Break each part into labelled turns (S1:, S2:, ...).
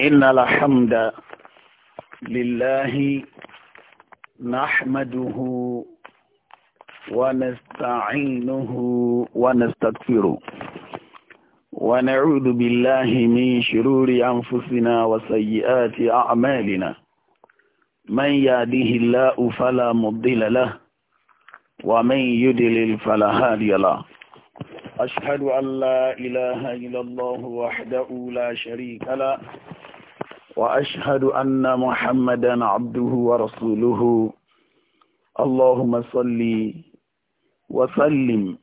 S1: إن الحمد لله نحمده ونستعينه ونستغفره ونعوذ بالله من شرور أنفسنا وسيئات أعمالنا من يهده الله فلا مضل له ومن يدلل فلا هادي له أشهد أن لا إله إلا الله وحده لا شريك له وأشهد أن محمدا عبده ورسوله اللهم صل وسلم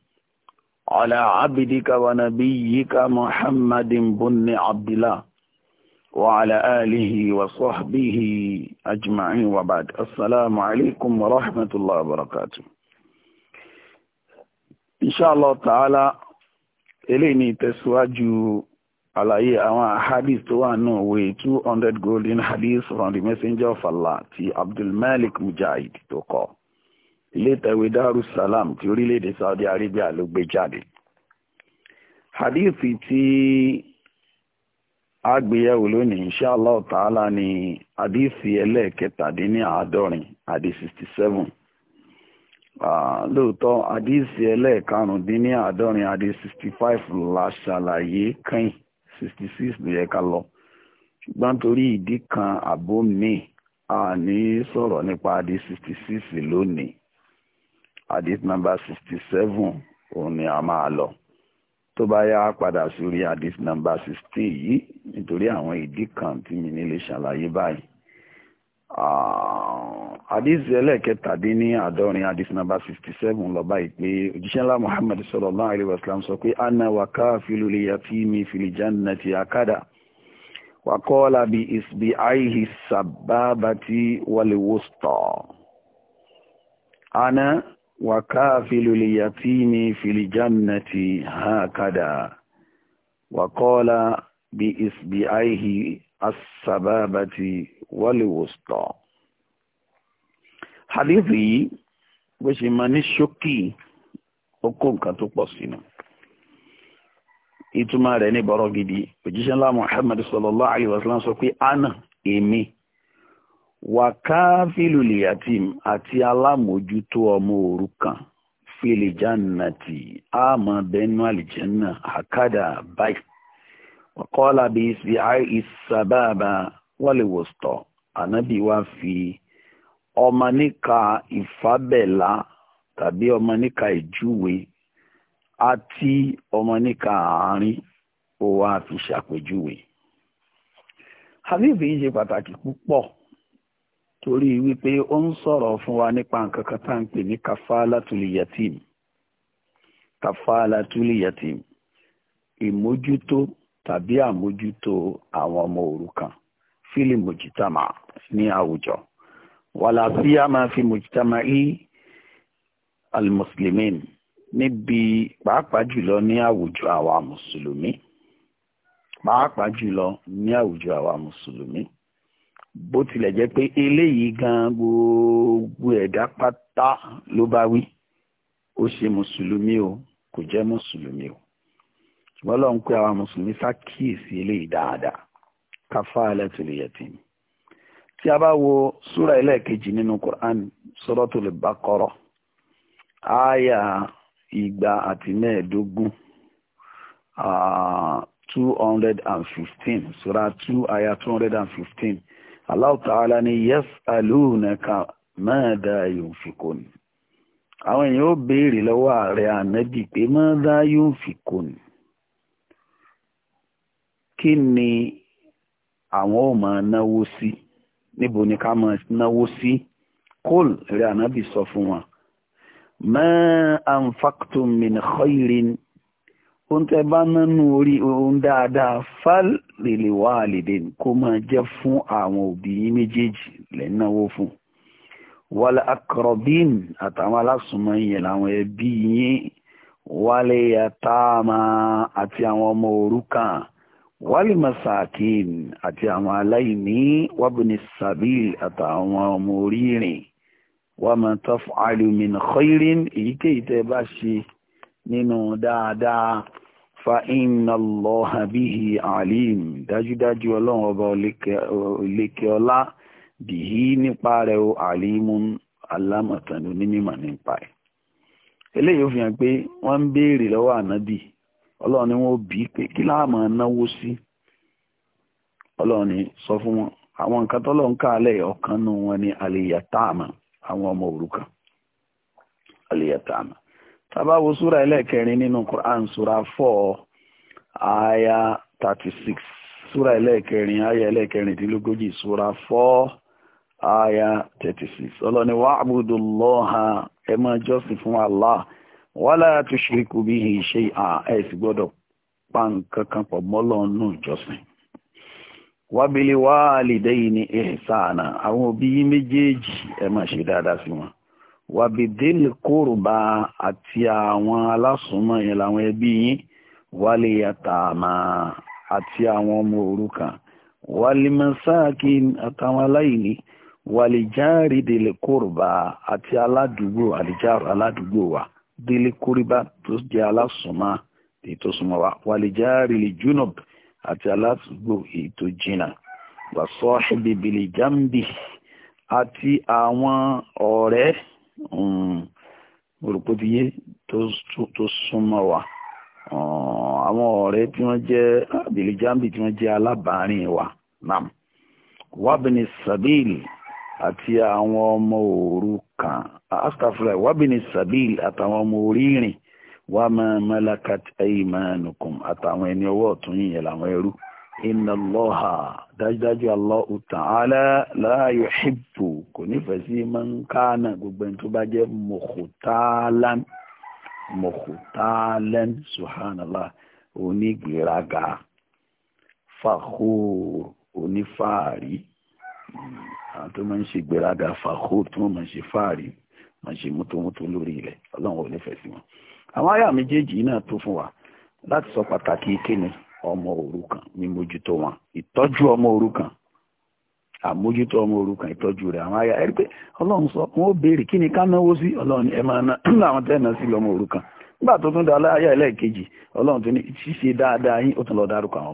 S1: على عبدك ونبيك محمد بن عبد الله وعلى آله وصحبه أجمعين وبعد السلام عليكم ورحمة الله وبركاته inshallah ta'ala eléyìí ni ìtẹ̀síwájú àlàyé àwọn hadith tó wà náà wé 200 golden hadith from the messenger of allah ti abdulmalik mujahid tó kọ ilé ìtẹ̀wé darussalam ti orílẹ̀ saudi arabia ló gbé jáde hadith tí àgbéyẹ̀wò lónìí inshallah ta'ala ni hadith ẹlẹ́ẹ̀kẹtàdínní àádọ́rin hadith 67 lóòótọ́ àdíìsì ẹlẹ́ẹ̀karùndínní àádọ́rin àdí sixty five la ṣàlàyé kẹ́yìn sixty six ló yẹ ká lọ ṣùgbọ́n torí ìdí kan àbó míì a ní sọ̀rọ̀ nípa àdí sixty six lónìí àdí nàmbà sixty seven òun ni a máa lọ tó bá yá padà sórí àdí nàmbà sixty yìí nítorí àwọn ìdí kan tí mi ní lè ṣàlàyé báyìí. Ah, hadith ẹlẹ́kẹtàdínní àádọ́rin hadith number sixty seven lọ báyìí pé òjíṣẹ́ ńlá muhammad sallallahu alayhi wa sallam sọ pé anna wa kafilu li yatimi fil jannati akada wa qala bi isbi'aihi sababati wal wusta ana wa kafilu li yatimi fil jannati hakada wa bi isbi'aihi as-sababati wọ́lẹ̀wòsítọ̀ hadithi yìí bó ṣe máa ní ṣókì ó kó nǹkan tó pọ̀ sínú ìtumọ̀ rẹ̀ ní bọ̀rọ̀ gidi òjíṣẹ́ ńlá Muhammad sallallahu alayhi wa sallam sọ pé ana èmi wà káfílù lìyàtìm àti alámòjútó ọmọ òrukàn fìlì jannati àmọ́ bẹ́nu àlìjẹ́nà àkàdà báyìí wà kọ́lá wọ́lẹ̀wòsítọ̀ ànábì wa fi ọmọ níka ìfábẹ̀lá tàbí ọmọ níka ìjúwe àti ọmọ níka àárín ó wá fi ṣàpèjúwe. hadithi yìí ṣe pàtàkì púpọ̀ torí wípé ó ń sọ̀rọ̀ fún wa nípa nǹkan kan tá à ń pè ní kafalatul yatim ìmójútó tàbí àmójútó àwọn ọmọ òrukàn fílì mùjítàmà ní àwùjọ wàlá síyàmà fi mùjítàmà í almuslimin níbi pàápàá jùlọ ní àwùjọ àwa mùsùlùmí pàápàá jùlọ ní àwùjọ àwa mùsùlùmí bó tilẹ̀ jẹ́ pé eléyìí gan gbogbo ẹ̀dá pátá ló bá wí ó ṣe mùsùlùmí o kò jẹ́ mùsùlùmí o ṣùgbọ́n lọ́n pé àwa mùsùlùmí ṣàkíyèsí eléyìí dáadáa kafalatul yatim tí a bá wo súra ẹlẹ́ẹ̀kejì nínú Qur'an suratul Baqara àyà igba àti mẹ́ẹ̀ẹ́dógún two hundred and fifteen súra two àyà two hundred and fifteen Allah ta'ala ni yas'alunaka mada yunfikun àwọn èèyàn ó béèrè lọ́wọ́ ààrẹ ànábì pé mada yunfikun kí ni àwọn ò máa náwó sí níbo ni ká máa náwó sí kúl rẹ ànábì sọ fún wọn ma anfaqtum min khairin ohun tẹ bá nánú orí ohun dáadáa fálèlèwàlèdèn kó máa jẹ́ fún àwọn òbí méjèèjì lẹ́náwó fún wàlẹ̀ akọ̀rọ̀bín àtàwọn alásùnmọ́ yẹn làwọn ẹbí yín wálé yàtàmà àti àwọn ọmọ òrukàn wálì masakin àti àwọn aláìní wábìnrin sabil àtàwọn ọmọ orí rìn wà máa tọ́fù alumin khairin èyíkéyìí tẹ́ bá ṣe nínú dáadáa fa inna allaha bihi alim dájúdájú ọlọ́run ọba olékè ọlá nípa rẹ̀ o alimun alámọ̀tánú ní mímọ̀ nípa ẹ̀ eléyìí ó fi hàn pé wọ́n ń béèrè lọ́wọ́ ànábì ọlọ́run ni wọ́n bí pé kí láàmú náwó sí ọlọ́run ni sọ fún wọn àwọn nǹkan tọ́lọ́run káàlẹ̀ ọ̀kan nù wọn ni àlèyàtààmà àwọn ọmọ òrukàn àlèyàtààmà tabawo súra ẹlẹ́ẹ̀kẹrin nínú Quran Sura 4 aya 36 súra ẹlẹ́ẹ̀kẹrin aya ẹlẹ́ẹ̀kẹrin aya 36 ọlọ́ni wàá àbúdùn lọ́ha ẹ máa jọ́sìn fún Allah wala tushriku bihi shay'an ẹ̀ sì gbọ́dọ̀ pa nǹkan kan pọ̀ mọ́ ìjọsìn wa wá àlìdẹ́ yìí ní ihsana àwọn òbí yín méjèèjì ẹ máa ṣe dáadáa sí wọn wàbìdìlì kórùbá àti àwọn alásùnmọ́ yẹn làwọn ẹbí yín wálé ati àti àwọn ọmọ òrukàn wálé masakin àtàwọn aláìní wálé jáàrídìlì kórùbá àti aládùúgbò aládùúgbò wa dili kóríbá tó jẹ́ alásùnmọ́ èyí tó súnmọ́ wa wàlìjáàrí lè junub àti aládùúgbò èyí tó jìnnà wàsọ́ ìbèbèlè jambi àti àwọn ọ̀rẹ́ mm, olùkótiyé tó súnmọ́ wa àwọn ọ̀rẹ́ tí wọ́n jẹ́ àbèlè jambi tí wọ́n jẹ́ alábàárín wa nam wàbìnrin sàbíìlì àti àwọn ọmọ òrukàn kan astafra wabini sabil àtàwọn ọmọ orí rìn wà máa malakat aymanukum àtàwọn ẹni ọwọ́ ọ̀tún yìnyẹn làwọn ẹrú inna allaha dájúdájú allahu ta'ala la yuhibbu kò nífẹ̀ẹ́ sí man kana gbogbo ẹni tó bá jẹ́ mukhtalan mukhtalan subhanallah onígbèéraga fakhur onífàárí hmm. àwọn tó máa ń ṣe ìgbéraga fàáhó tí wọ́n máa ń ṣe fáàrí máa ń ṣe mútòmútò lórí ilẹ̀ ọlọ́run ò nífẹ̀ẹ́ sí wọn. àwọn àyà méjèèjì náà tó fún wa láti sọ pàtàkì ìkéni ọmọ òrukàn ní mójútó wọn ìtọ́jú ọmọ òrukàn àmójútó ọmọ òrukàn ìtọ́jú rẹ̀ àwọn àyà ẹ̀rí pé ọlọ́run sọ wọn ó béèrè ká náwó sí ọlọ́run ẹ máa ná tẹ́ náà sí da ọlọ́run lọ ọmọ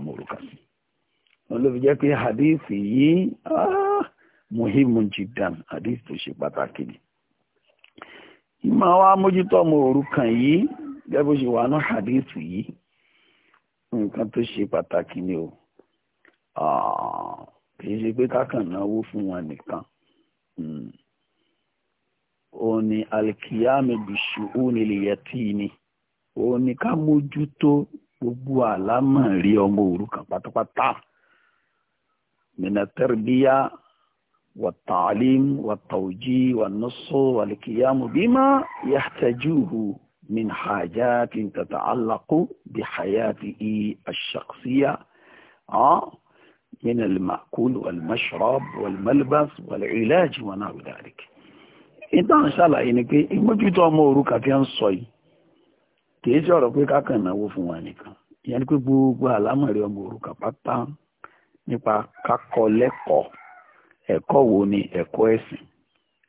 S1: òrukàn sí wọn ló fi jẹ́ pé muhimu jidan hadith tó ṣe pàtàkì ni ìmọ̀ wa mójútó ọmọ òrukàn yìí gẹ́gẹ́ bó ṣe wà ní hadith yìí nǹkan tó ṣe pàtàkì ni o ah, í ṣe pé kákan náwó fún wọn nìkan hmm. ó ní alikiyami bishu ó ní liyẹtí ni ó ní ká mójútó gbogbo àlámọ̀ rí ọmọ òrukàn pátápátá mìnà tẹ́rìbíyá والتعليم والتوجيه والنص والقيام بما يحتاجه من حاجات تتعلق بحياته الشخصية آه، من المأكل والمشرب والملبس والعلاج ونحو ذلك إذا إن شاء الله إنك موجود أمورك في الصوي تيجي أروح في كأنا وفوانك يعني كي بوغ بالامر يومورك نبقى كاكوليكو ẹ̀kọ́ wo ni ẹ̀kọ́ ẹ̀sìn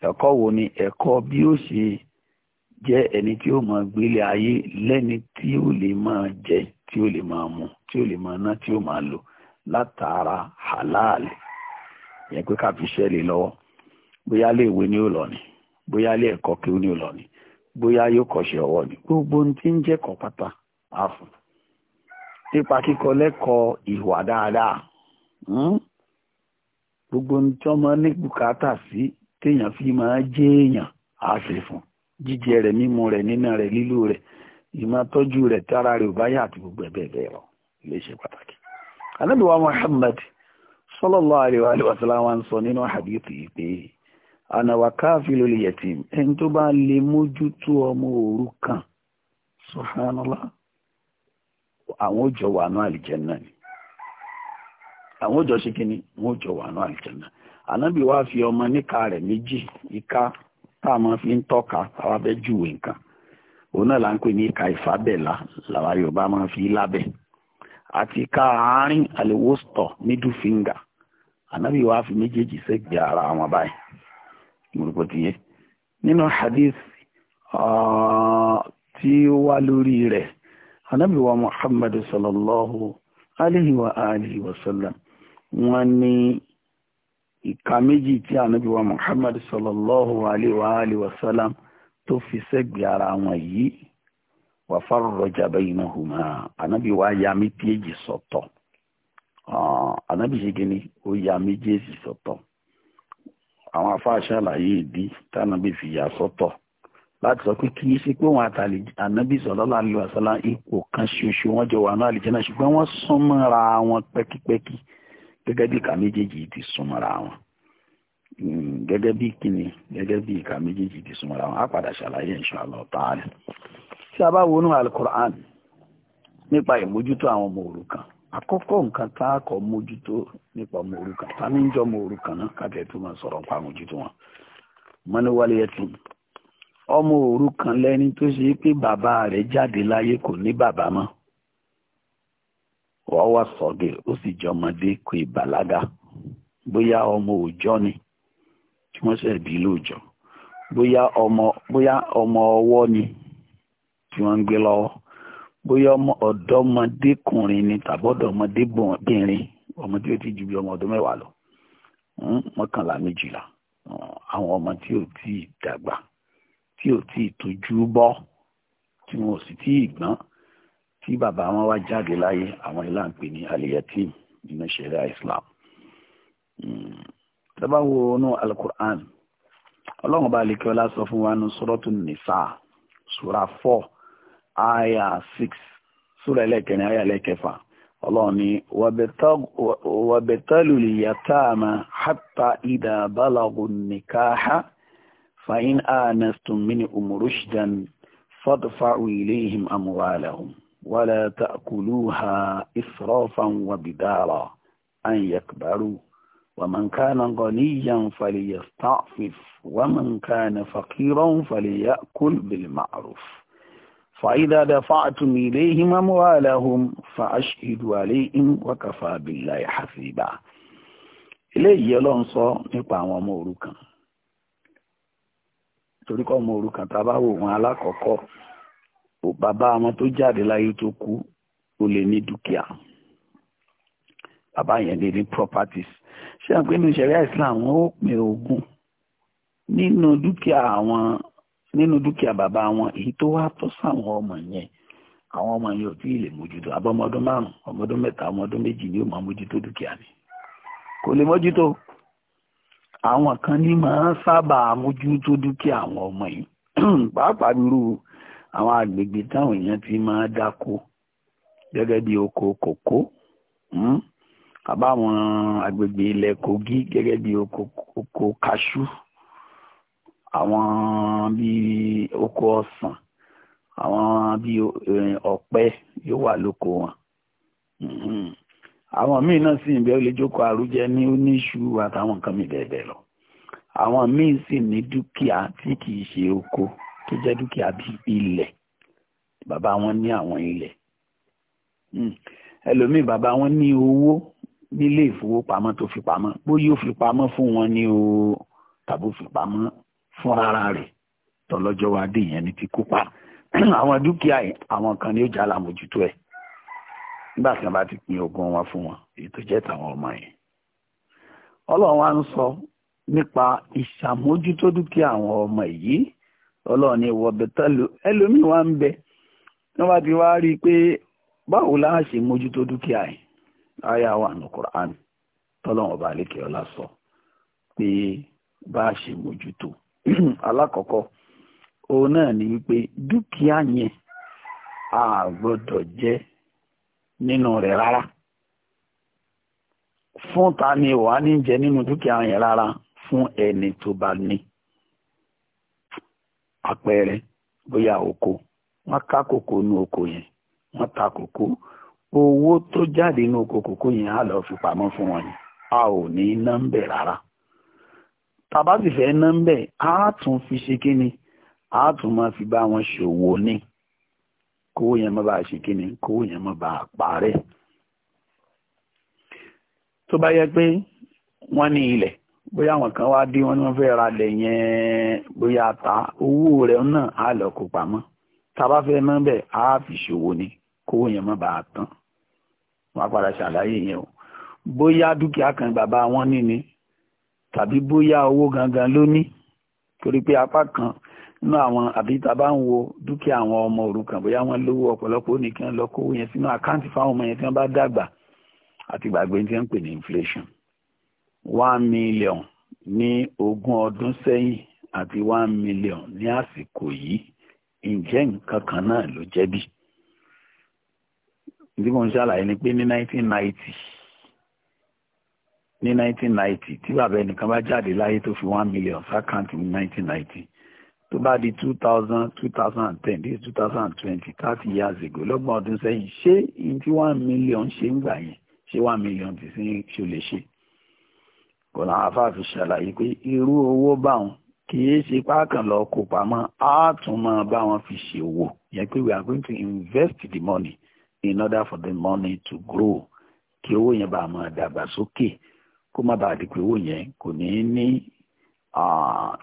S1: ẹ̀kọ́ wo ni ẹ̀kọ́ bí ó ṣe jẹ́ ẹni tí ó máa gbélé ayé lẹ́ni tí ó lè máa jẹ tí ó lè máa mu tí ó lè máa ná tí ó máa lò látara halal yẹn pé ká fi ṣẹ́ lè lọ́wọ́ bóyá lè ìwé ni ó ni bóyá lè ẹ̀kọ́ kí ó ní ó ni bóyá yóò kọ́ṣẹ́ ọwọ́ ni gbogbo ohun tí ń jẹ́kọ̀ọ́ pátá àfún nípa kíkọ lẹ́kọ̀ọ́ ìwà dáadáa hmm? gbogbo ní tí ọmọ ní bùkátà sí téèyàn fi máa jẹ́ èèyàn á ṣe fún jíjẹ rẹ̀ mímu rẹ̀ níná rẹ̀ lílò rẹ̀ ìmọ̀tọ́jú rẹ̀ tára rẹ̀ ò bá yà àti gbogbo ẹ̀ bẹ́ẹ̀ lọ lè ṣe pàtàkì. Ànábì wa Muhammad sallallahu alaihi wa sallam ń sọ nínú hadithi pé ànàwà káàfin lórí yẹtìm ẹni tó bá lè mójútó ọmọ òrukàn subhanallah àwọn òjò wà ní àlìjẹ náà ni àwọn òjò ṣe kínní wọn òjò wà ní àlùjànnà ànábì wá fi ọmọ níka rẹ̀ méjì ìka tá a máa fi ń tọ́ka àwa fẹ́ júwe nǹkan òun náà là ń pè ní ìka ìfábẹ́là làwa yorùbá máa fi lábẹ́ àti ìka àárín àlewòsítọ̀ middle finger ànábì wá fi méjèèjì sẹ́gbẹ̀ẹ́ ara wọn báyìí ìmọ̀lùpọ̀ ti yé nínú hadith tí ó wá lórí rẹ̀ ànábì wa muhammadu sallallahu alayhi wa alihi wa sallam wọ́n ní ìka méjì tí ànábì wa Muhammad sallallahu alayhi wa alayhi wa sallam tó fi sẹ́gbẹ̀ẹ́ ara wọn yìí wà farraja baynahuma ànábì wa ya méjèèjì sọ̀tọ̀ ah, ànábì ṣe kí ni ó ya méjèèjì sọ̀tọ̀ àwọn afáàṣà àlàyé ìdí tánàbì fi yà sọ́tọ̀ láti sọ pé kì í ṣe pé wọn àtàlẹ ànábì sallallahu alaihi wasallam ipò kan ṣoṣo wọn jọ wà ní àlìjẹ náà ṣùgbọ́n wọ́n sún mọ́ra wọn pẹ́kípẹ́kí gẹ́gẹ́ bí ìka méjèèjì ti súnmọ́ra wọn hmm, gẹ́gẹ́ bí kíni gẹ́gẹ́ bí ìka méjèèjì ti wọn á padà ṣàlàyé tí a bá wọnú alukur'an nípa ìmójútó àwọn ọmọ kan àkọ́kọ́ nǹkan tá kọ́ mójútó nípa ọmọ kan ní jọ ọmọ náà tó máa mójútó wọn mọ́ni wálé ọmọ tó ṣe pé bàbá jáde kò ní bàbá mọ́ wọ́n wà sọ́gẹ̀ ó sì jọmọdé kò ìbàlágà bóyá ọmọ òòjọ́ ni tí wọ́n ṣẹ̀ bí lóòjọ́ bóyá ọmọ bóyá ọmọ ọwọ́ ni tí wọ́n ń gbé lọ́wọ́ bóyá ọmọ ọ̀dọ́mọdékùnrin ni tàbọ́dọ̀ ọmọdébìnrin ọmọ tí ó ti ju bí ọmọ ọdún mẹ́wàá lọ hmm, mọ́kànlá méjìlá àwọn ọmọ tí ò tí ì dàgbà tí ò tí ì tójú bọ́ tí wọn ò sì tí ì gbọ́n tí bàbá wọn wá jáde láyé àwọn ilá ń pè ní aliyatim nínú ṣẹ̀ríà islam tọ́ba wo inú alukur'an ọlọ́run bá alikẹ́ ọlá sọ fún wa ní sọ́rọ́tún nìsà sura four aya six sura ẹlẹ́kẹrin aya ẹlẹ́kẹfà ọlọ́run ni wàbẹ̀tẹ́lù lìyàtàmà hàtà ìdá bálàgù nìkáhá fàyín ànàstùn mí ni umurushdan fọ́dùfà ìléhìm wala ta'kuluha israfan wa bidara an yakbaru wa man kana ghaniyan falyasta'fif wa man kana faqiran falyakul bil ma'ruf فإذا دفعتم إليهم أموالهم فأشهدوا عليهم وكفى بالله حسيبا eléyìí ọlọ́run sọ nípa àwọn ọmọ òrukàn torí kọ́ ọmọ òrukàn tá a bá wò wọn alákọ̀ọ́kọ́ ò bàbá wọn tó jáde láyé tó kú ó lè ní dúkìá bàbá yẹn lè ní properties ṣé àpé nínú ìṣẹ̀lẹ̀ Islam wọn ó pín ogún nínú dúkìá àwọn nínú dúkìá bàbá wọn èyí tó wá tọ́ sáwọn ọmọ yẹn àwọn ọmọ yẹn ò tí ì lè mójútó àbọ̀ ọmọ márùn ọmọ mẹ́ta ọmọ méjì ni ó máa mójútó dúkìá ni kò lè mójútó àwọn kan ní máa ń sábà mójútó dúkìá àwọn ọmọ yìí pàápàá irú àwọn agbègbè táwọn èèyàn ti máa dáko gẹ́gẹ́ bí oko kòkó hmm, àbáwọn agbègbè ilẹ̀ kogi gẹ́gẹ́ bí oko kaṣú àwọn bí oko ọsàn àwọn bí ọ̀pẹ yóò wà lóko wọn hmm. àwọn míì náà sì ń bẹ ó lè jókòó àrújẹ ní oníṣu àtàwọn nǹkan mi bẹ́ẹ̀ bẹ́ẹ̀ lọ àwọn míì sì ní dúkìá tí kì í ṣe oko tó jẹ́ dúkìá bíi ilẹ̀ bàbá wọn ní àwọn ilẹ̀ hmm. ẹlòmíì bàbá wọn ní owó nílé ìfowópamọ́ tó fi pamọ́ bóyá ó fi pamọ́ fún wọn ní o tàbí ó fi pamọ́ fún rárá rẹ̀ tọlọ́jọ́ wa dé yẹn ní ti kópa àwọn dúkìá àwọn kan ni ó jà lámójútó ẹ̀ nígbà tí wọ́n bá ti pín ogún wọn fún wọn èyí tó jẹ́ tàwọn ọmọ yẹn Ọlọ́run wa ń sọ nípa ìṣàmójútó dúkìá àwọn ọmọ yìí ọlọ́run ní wọ̀bẹ̀tẹ́lù ẹlòmíì wá ń bẹ wọ́n bá ti wá rí i pé báwo láà ṣe mójútó dúkìá ẹ̀ àyà wà ní Qur'an tọ́lọ́wọ̀n bá lékè ọlá sọ pé bá a ṣe mójútó alákọ̀ọ́kọ́ òun náà ni wípé dúkìá yẹn a gbọ́dọ̀ jẹ́ nínú rẹ̀ rárá fún ta ni wàá ní jẹ nínú dúkìá rárá àpẹẹrẹ bóyá oko wọ́n ka koko nu oko yẹn ta kòkó owó tó jáde nu oko kòkó yẹn á lọ fi pamọ́ fún wọn ni a ò ní nọ́mbẹ̀ rárá tàbá sì fẹ́ nọ́mbẹ̀ á tún fi ṣe kíni á tún máa fi bá wọn ṣòwò ni kówó yẹn má bàa ṣe kíni kówó yẹn má bàa parẹ́ tó bá yẹ pé wọ́n ní ilẹ̀ bóyá àwọn kan wá dé wọn ni wọ́n fẹ́ ra lẹ̀ yẹn bóyá ta owó rẹ̀ náà á lọ kó pamọ́ tá a bá fẹ́ ná bẹ́ẹ̀ á fi ṣòwò ni kówó yẹn má bàa tán wọ́n padà ṣàlàyé yẹn o bóyá dúkìá kan bàbá wọn ní ni tàbí bóyá owó gangan ló ní torí pé apá kan nínú àwọn àbí tá a bá ń wo dúkìá àwọn ọmọ òrukàn bóyá wọ́n lówó ọ̀pọ̀lọpọ̀ ó ní kí wọ́n lọ kówó yẹn sínú àkáǹtì fáwọn ọmọ yẹn tí wọ́n bá dàgbà àti gbàgbé tí wọ́n pè ní inflation one million ní ogún ọdún sẹ́yìn àti one million ní àsìkò yìí ǹjẹ́ nǹkan kan náà ló jẹ́ bí? ìdí mo ń ṣàlàyé ni pé ní nineteen ninety ní nineteen ninety tí bàbá ẹnìkan bá jáde láyé tó fi one million sákàǹtì ní nineteen ninety tó bá di two thousand two thousand ten dé two thousand twenty thirty years ago lọ́gbọ̀n ọdún sẹ́yìn ṣé ní tí one million ṣe ń gbà yẹn ṣé one million ti sí ṣe lè ṣe? ọ̀nà àfáàfi ṣàlàyé pé irú owó báwọn kìí ṣe pákàn lọ kó pamọ́ á tún máa bá wọn fi ṣòwò yẹn pé we are going to invest the money in order for the money to grow kí owó yẹn bá máa dàgbà sókè kó má bàa di pé owó yẹn kò ní ní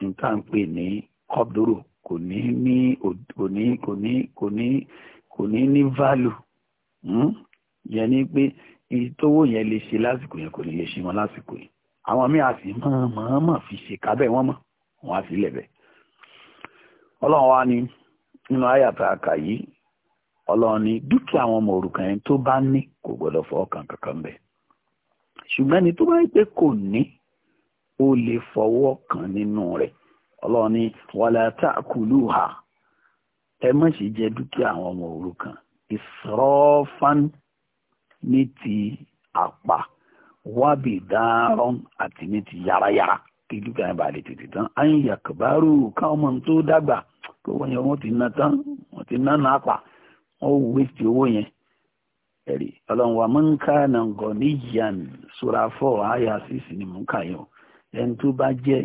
S1: nǹkan pè ní kọ́bdóró kò ní ní kò ní kò ní kò ní kò ní ní value hmm? yẹn ni pé ìtòwò yẹn lè ṣe lásìkò yẹn kò ní lè ṣe wọn lásìkò yẹn àwọn míì àti mọ̀ọ́mọ̀ fi ṣèkábẹ́ wọn mọ̀ wọn á fi lẹ̀bẹ̀. ọlọ́run wa ni nínú àyàtà àkà yìí ọlọ́run ni dúkìá àwọn ọmọ òrukàn yẹn tó bá ní kò gbọ́dọ̀ fọwọ́ kan kankan bẹ́ẹ̀ ṣùgbọ́n ẹni tó bá yẹ pé kò ní ó lè fọwọ́ kan nínú rẹ̀ ọlọ́run ni wàlá ta'kulu ha ẹ má ṣe jẹ dúkìá àwọn ọmọ òrukàn ìsọ̀rọ̀fán ní ti àpà wábì dáárọ́n àti ní ti yárayára kí dúkìá yẹn bá lè tètè tán á ń yàkùbárù káwọn ọmọ tó dàgbà kó wọ́n yẹn wọ́n ti ná tán wọ́n ti ná náà pa wọ́n wéṣì owó yẹn ẹ̀rí ọlọ́run wa man kana ghaniyan sura four àyà six ni mò ń kà yẹn o ẹni tó bá jẹ́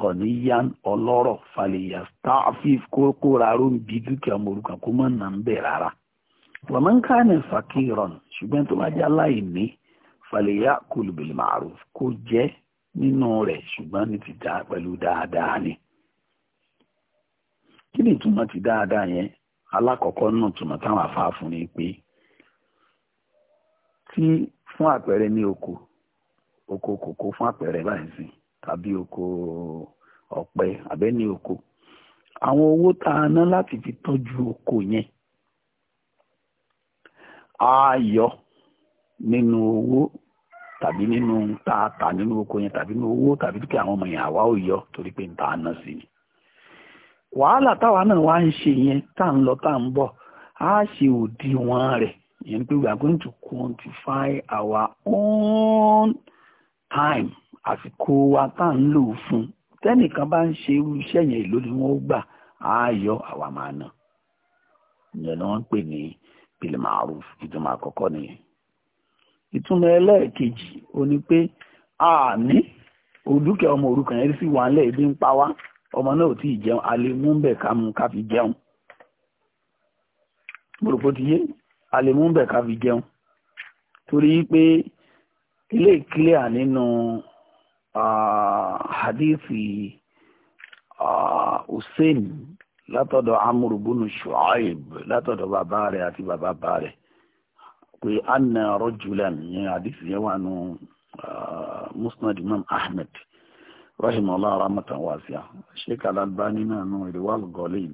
S1: ghaniyan ọlọ́rọ̀ falyasta'fif kó kóra ró ń bi dúkìá morukàn kó má nà ń bẹ̀ rárá wa man kana fakiran ṣùgbọ́n tó bá jẹ́ aláìní fàlẹ́yà kùlùbìlì màrúf kó jẹ nínú rẹ̀ ṣùgbọ́n ní ti dá pẹ̀lú dáadáa ni kí ni ìtumọ̀ ti dáadáa yẹn alákọ̀ọ́kọ́ náà túmọ̀ táwọn afá fún ni pé tí fún àpẹẹrẹ ní oko oko kòkó fún àpẹẹrẹ báyìí sí tàbí oko ọ̀pẹ àbẹ́ ní oko àwọn owó tá a ná láti fi tọ́jú oko yẹn a nínú owó tàbí nínú tá a tà nínú oko yẹn tàbí nínú owó tàbí kí àwọn ọmọ yẹn àwa ò yọ torí pé ń ta àná sí ni wàhálà táwa náà wá ń ṣe yẹn tá à ń lọ tá à ń bọ̀ á ṣe wọn rẹ̀ yẹn pé we are going to quantify our own time àsìkò wa tá à ń lò fún tẹ́nìkan bá ń ṣe irú iṣẹ́ yẹn èló ni wọ́n gbà á yọ àwa máa ná ìyẹn ni wọn ń pè ní bilmaruf ìtumọ̀ àkọ́kọ́ nìyẹn. ìtumọ̀ ẹlẹ́ẹ̀kejì ó ní pé àní òdúkẹ́ ọmọ òrukàn yẹn sì wà nílẹ̀ ebi ń pa wá ọmọ náà ò tí ì jẹun a lè mú ń bẹ̀ ká mú ká fi jẹun gbòròpó ti yé a mú ń bẹ̀ ká fi jẹun torí pé ilé ìkílẹ̀ nínú hadithi hussein látọ̀dọ̀ amúrúbùnú shuaib látọ̀dọ̀ bàbá rẹ̀ àti bàbá bàbá rẹ̀ pé anna rajulan yẹn àdìsí yẹn wà nù musnad imam ahmed rahimahullah rahmatan wasi'a sheikh al-albani náà nù riwal golin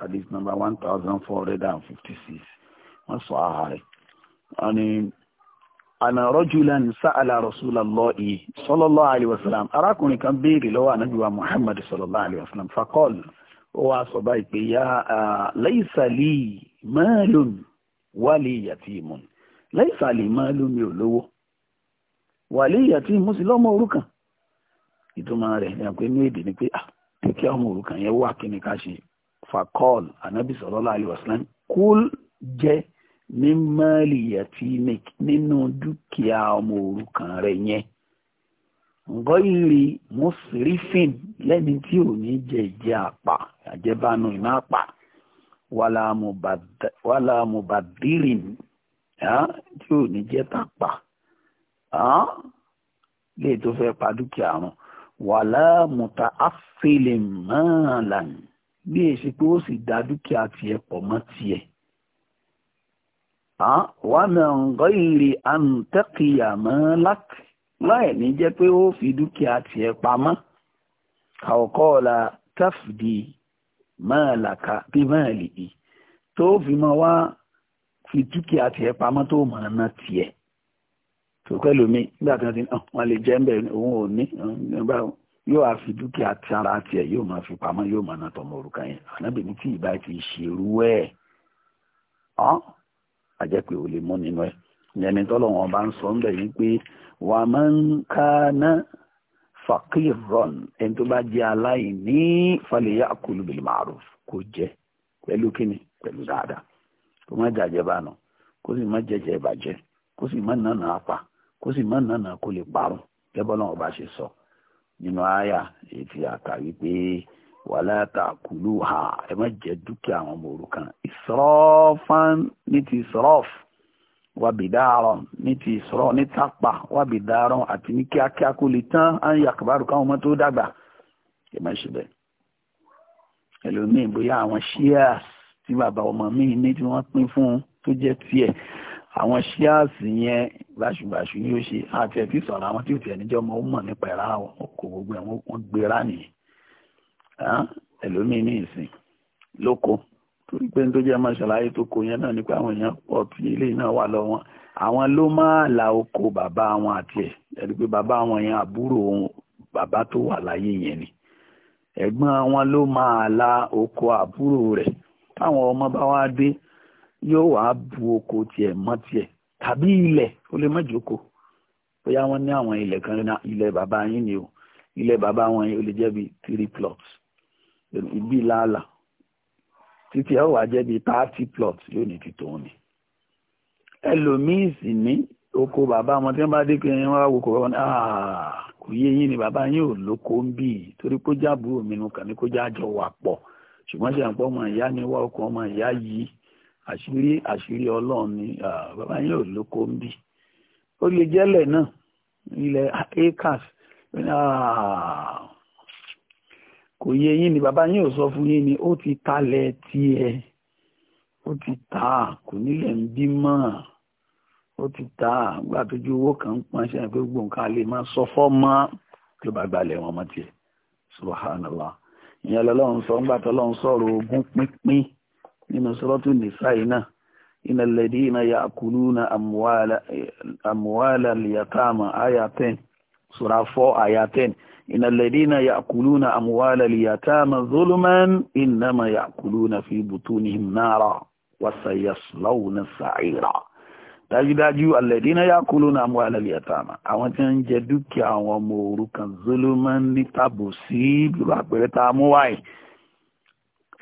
S1: hadith number one thousand four hundred and fifty six wọ́n sọ ààrẹ wọ́n ní àna rajulan sa'ala rasulallahi sallallahu alayhi wa sallam arákùnrin kan béèrè lọ́wọ́ ànábì wa muhammad sallallahu alayhi wa sallam fakọ́l ó wá sọ báyìí pé yá laysa li malun wali yatimun lẹ́yìn ìsàlẹ̀ máa lómi ò lówó wàlé ìyàtí mùsùlọ́mọ òrukàn ìtumọ̀ rẹ̀ ni àpé ní èdè ni pé ah dúkìá ọmọ òrukàn yẹn wà kí ni ká ṣe fakọ́ọ̀l anabi sallallahu alaihi wasallam kúl jẹ́ ní máàlì ìyàtí nínú dúkìá ọmọ òrukàn rẹ̀ yẹn ǹgọ́ ìrì mùsùlùfín lẹ́ni tí ò ní jẹ ìjẹ àpà àjẹbánu ìná àpà wàlà mùbàdírìn tí ò ní jẹ́ tàpá lè tó fẹ́ pa dúkìá run wàlá mùtà áfẹ́lẹ̀ mọ́ọ̀lá bí èsì pé ó sì dá dúkìá tiẹ̀ pọ̀ mọ́ tiẹ̀ wà náà ń gọ́ ìrì àǹtẹ́kìyà mọ́ láti láì ní jẹ́ pé ó fi dúkìá tiẹ̀ pamọ́ kàwọ́kọ́ọ̀la tẹ́fìdì mọ́ọ̀lá ká bí mọ́ọ̀lì yìí tó fi mọ́ wá fi dúkìá tiẹ̀ pamọ́ tó mọ̀ ọ́nà tiẹ̀ tó pẹ́lú mi nígbà tí wọ́n ti ní wọ́n lè jẹ́ ń bẹ̀rẹ̀ òun ò ní yóò wá fi dúkìá ti ara tiẹ̀ yóò máa fi pamọ́ yóò máa náà tọmọ òrùka yẹn ànábì ní tí ìbá ti ṣerú ẹ̀ ọ́n àjẹpẹ́ ò lè mú nínú ẹ̀ yẹnni tọ́lọ̀ wọn bá ń sọ ń yìí pé wà máa ń ká ná fàkìrọ̀n ẹni tó bá jẹ́ aláìní falẹ̀ yá kúlù pẹ̀lú dáadáa kó má jàjẹ́ bánu kó sì má jẹjẹ ìbàjẹ́ kó sì má nànà apá kó sì má nànà kó lè parun gẹ́gẹ́ náà ọba ṣe sọ nínú àyà ètò àkà wípé wàhálà ta kùlù ha ẹ má jẹ dúkìá àwọn ọmọ òrukàn ìsọ̀rọ̀fán ní ti sọ̀rọ̀f wàbìdárọ̀ ní ti sọ̀rọ̀ ní tápà wàbìdárọ̀ àti ní kíákíá kó lè tán á ń yàkàbárò káwọn ọmọ tó dàgbà ẹ má ṣe bẹ́ẹ̀ ẹlòmíì bóyá àwọn shears tí bàbá ọmọ mi ní tí wọ́n pín fún un tó jẹ́ tiẹ̀ àwọn ṣíàsì yẹn báṣubàṣu yóò ṣe àti ẹ̀ tí sọ̀rọ̀ àwọn tí ò tiẹ̀ níjọ́ ọmọ ó mọ̀ nípa ẹ̀rá ọkọ̀ gbogbo ẹ̀ wọ́n gbéra nìyẹn ẹlòmíín ní ìsìn lóko torí pé tó jẹ́ mọ́ṣáláyé tó kó yẹn náà ni pé àwọn èèyàn pọ̀ tí ilé náà wà lọ wọn àwọn ló máa la oko bàbá wọn àti ẹ̀ ẹ̀rí pé bàbá wọn yẹn àbúrò bàbá tó wà láyé yẹn ni ẹ̀gbọ́n wọn ló máa la oko àbúrò rẹ̀ táwọn ọmọ bá wá dé yóò wá bu oko tiẹ̀ mọ́ tiẹ̀ tàbí ilẹ̀ ó lè má jókòó bóyá wọ́n ní àwọn ilẹ̀ kan ní ilẹ̀ bàbá yín ni o ilẹ̀ bàbá wọn yìí ó lè jẹ́ bí three plots ibi làálà títí ẹ̀ wá jẹ́ bí thirty plots yóò ní ti tòun ni ẹlòmíì sì ní oko bàbá wọn tí wọ́n bá dé pé wọ́n á wo kò wọ́n kò yé yín ni bàbá yín ò lóko ń bì torí kó jábùú òmìnira kàní kó jájọ wà pọ̀ ṣùgbọ́n ṣe àpọ̀ ọmọ ìyá ni wá ọkọ̀ ọmọ ìyá yìí àṣírí àṣírí ọlọ́run ni bàbá yín ò lóko ń bì ó lè jẹ́lẹ̀ náà ilẹ̀ acres kò yé yín ni bàbá yín ò sọ fún yín ni ó ti talẹ̀ tiẹ̀ ó ti ta kò nílẹ̀ ń bí mọ́ ó ti ta gbà tójú owó kan ń pọn ṣe àgbégbò nǹkan lè máa sọ fọ́ mọ́ ló bá gbalẹ̀ wọn mọ́ tiẹ̀ subhanallah ìyẹn lọ́lọ́run sọ ńgbà tọ́lọ́run sọ̀rọ̀ ogún pínpín nínú sọ́rọ́tù nìsáyìí náà iná lẹ́dí iná ya àkúrú na àmúwálà lìyàtàmà àyà 10 sura 4 àyà 10 iná lẹ́dí iná ya àkúrú na àmúwálà lìyàtàmà zolomán iná ma ya àkúrú na fi bùtú ní náírà wàsàyàsláwù na sàírà dájúdájú alẹ́dínà yà kúló náà mú alẹ́lẹ́ ẹ̀tàmà àwọn tí wọ́n ń jẹ dúkìá àwọn ọmọ òrukàn zolomon ní tàbó sí ìlú àpẹẹrẹ tá a mú wáyé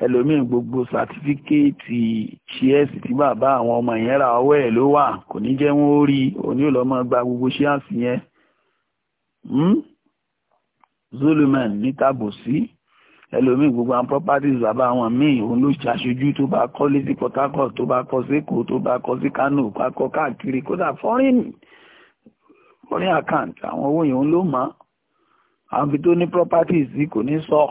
S1: ẹlòmíín gbogbo sátífíkẹ́ẹ̀tì ṣíẹ́sì tí bàbá àwọn ọmọ yẹn ra ọwọ́ ẹ̀ ló wà kò ní jẹ́ wọ́n ó rí òní ò lọ́mọ gba gbogbo ṣíẹ́sì yẹn hmm? zolomon ní tàbó sí ẹlòmíì gbogbo àwọn properties bàbá àwọn míì òun ló ṣàṣojú tó bá kọ́ lé sí Port Harcourt tó bá kọ́ sí Èkó tó bá kọ́ sí Kano kọ́ káàkiri kódà foreign foreign account àwọn owó yẹn òun ló mọ̀ àwọn ibi tó ní properties sí kò ní sọ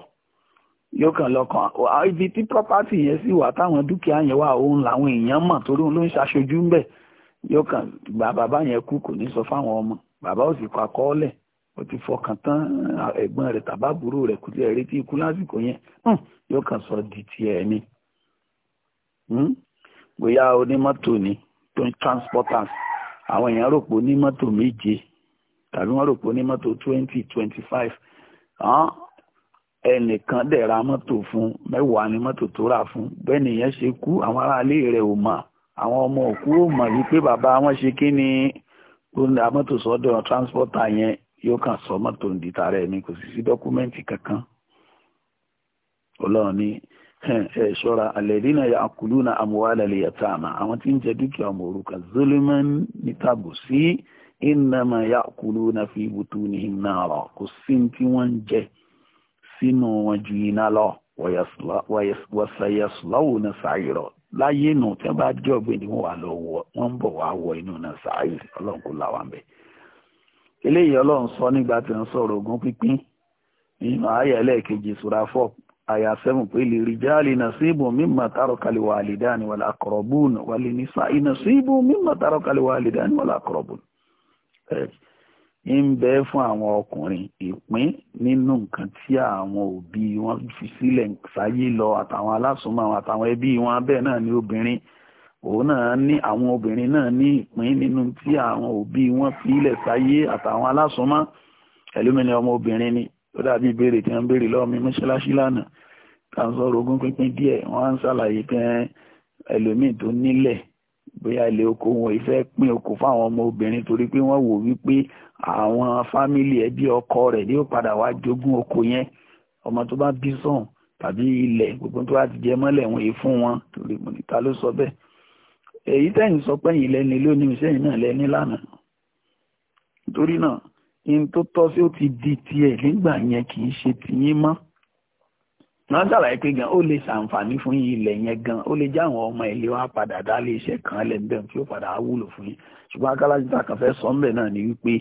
S1: yóò kàn lọ́kàn ibi tí property yẹn sì wà táwọn dúkìá yẹn wà òun làwọn èèyàn mọ̀ torí òun ló ń ṣàṣojú ń bẹ̀ yóò kàn gba bàbá yẹn kú kò ní sọ fáwọn ọmọ bàbá ò sì kọ akọ́ọ́lẹ̀ ó ti fọkàn tán ẹ̀gbọ́n rẹ̀ tàbábúrò rẹ̀ kò tiẹ̀ retí ikú lásìkò yẹn yóò kàn sọ di tiẹ̀ ni bóyá onímọ́tò ni tó ń transporters àwọn èèyàn rò pé onímọ́tò méje tàbí wọ́n rò pé onímọ́tò twenty twenty five ẹnìkan dẹ̀ ra mọ́tò fún mẹ́wàá ni mọ́tò tó rà fún bẹ́ẹ̀ nìyẹn ṣe kú àwọn aráalé rẹ̀ ò mọ̀ àwọn ọmọ òkú ò mọ̀ wípé bàbá wọn ṣe kí ni ó sọ́dọ̀ transporter yẹn yóò kàn sọ mọ́tò ní tààrà ẹni kò sì sí dọ́kúmẹ́ǹtì kankan ọlọ́run ní ẹ ṣọ́ra alẹ́dínà ya akuluna amuwala lè yàtà àmà àwọn tí ń jẹ dúkìá ọmọ òrùka zulman ní tàbù sí ìnàmà ya akuluna fi butunihim nara kò sí tí wọ́n ń jẹ sínú wọn ju iná lọ wàṣàyàṣláwò na sàárọ̀ láyé nù tí wọ́n bá jẹ́ ọ̀gbìn ni wọ́n wà lọ wọ́n ń bọ̀ wá wọ inú na sàárì ọlọ́run kò láwọn bẹ́ẹ̀ eléyìí ọlọ́run sọ nígbà tí ń sọ̀rọ̀ ogún pínpín nínú àyà ẹlẹ́ẹ̀kejì sura four àyà seven pé lè rí jáàlì nàṣíbù mímọ̀ tárọ̀kalẹ̀ wà àlìdáni wà lákọ̀rọ̀bùn wà lè ní sá ìnàṣíbù mímọ̀ tárọ̀kalẹ̀ wà àlìdáni wà lákọ̀rọ̀bùn. ẹ ń bẹ fún àwọn ọkùnrin ìpín nínú nǹkan tí àwọn òbí wọn fi sílẹ̀ sáyé lọ àtàwọn alásùnmọ́ àtàwọn ẹbí wọn bẹ́ẹ̀ náà ni obìnrin òun náà ní àwọn obìnrin náà ní ìpín nínú tí àwọn òbí wọn fi ilẹ̀ sáyé àtàwọn alásùnmọ́ ẹlòmínì ọmọbìnrin ni ó dàbí ìbéèrè tí wọ́n ń béèrè lọ́wọ́ mi mọ́ṣáláṣí lánàá tá à ń sọ̀rọ̀ ogún pínpín díẹ̀ wọ́n á ń ṣàlàyé pé ẹlòmíì tó nílẹ̀ bóyá ilé oko wọn ìfẹ́ pín oko fáwọn ọmọ obìnrin torí pé wọ́n wò wípé àwọn fámìlì ẹbí ọkọ rẹ̀ yóò padà wá jogún oko yẹn ọmọ tó bá bí sàn tàbí ilẹ̀ gbogbo tó bá ti jẹ mọ́lẹ̀ wọn èé fún wọn torí mo níta ló sọ bẹ́ẹ̀ èyí tẹ́yìn sọ pé yìí lẹ́ni lónìí sẹ́yìn náà lẹ́ni lánàá torí náà in tó tọ́ sí ó ti di tiẹ̀ nígbà yẹn kì í ṣe tiyín mọ́ wọ́n ṣàlàyé pé gan ó lè ṣàǹfààní fún yín ilẹ̀ yẹn gan ó lè já àwọn ọmọ ilé wa padà dá lé iṣẹ́ kan lẹ́gbẹ̀ẹ́ tí ó padà wúlò fún yín ṣùgbọ́n akálàjìta kan fẹ́ sọ ńbẹ̀ náà ni wípé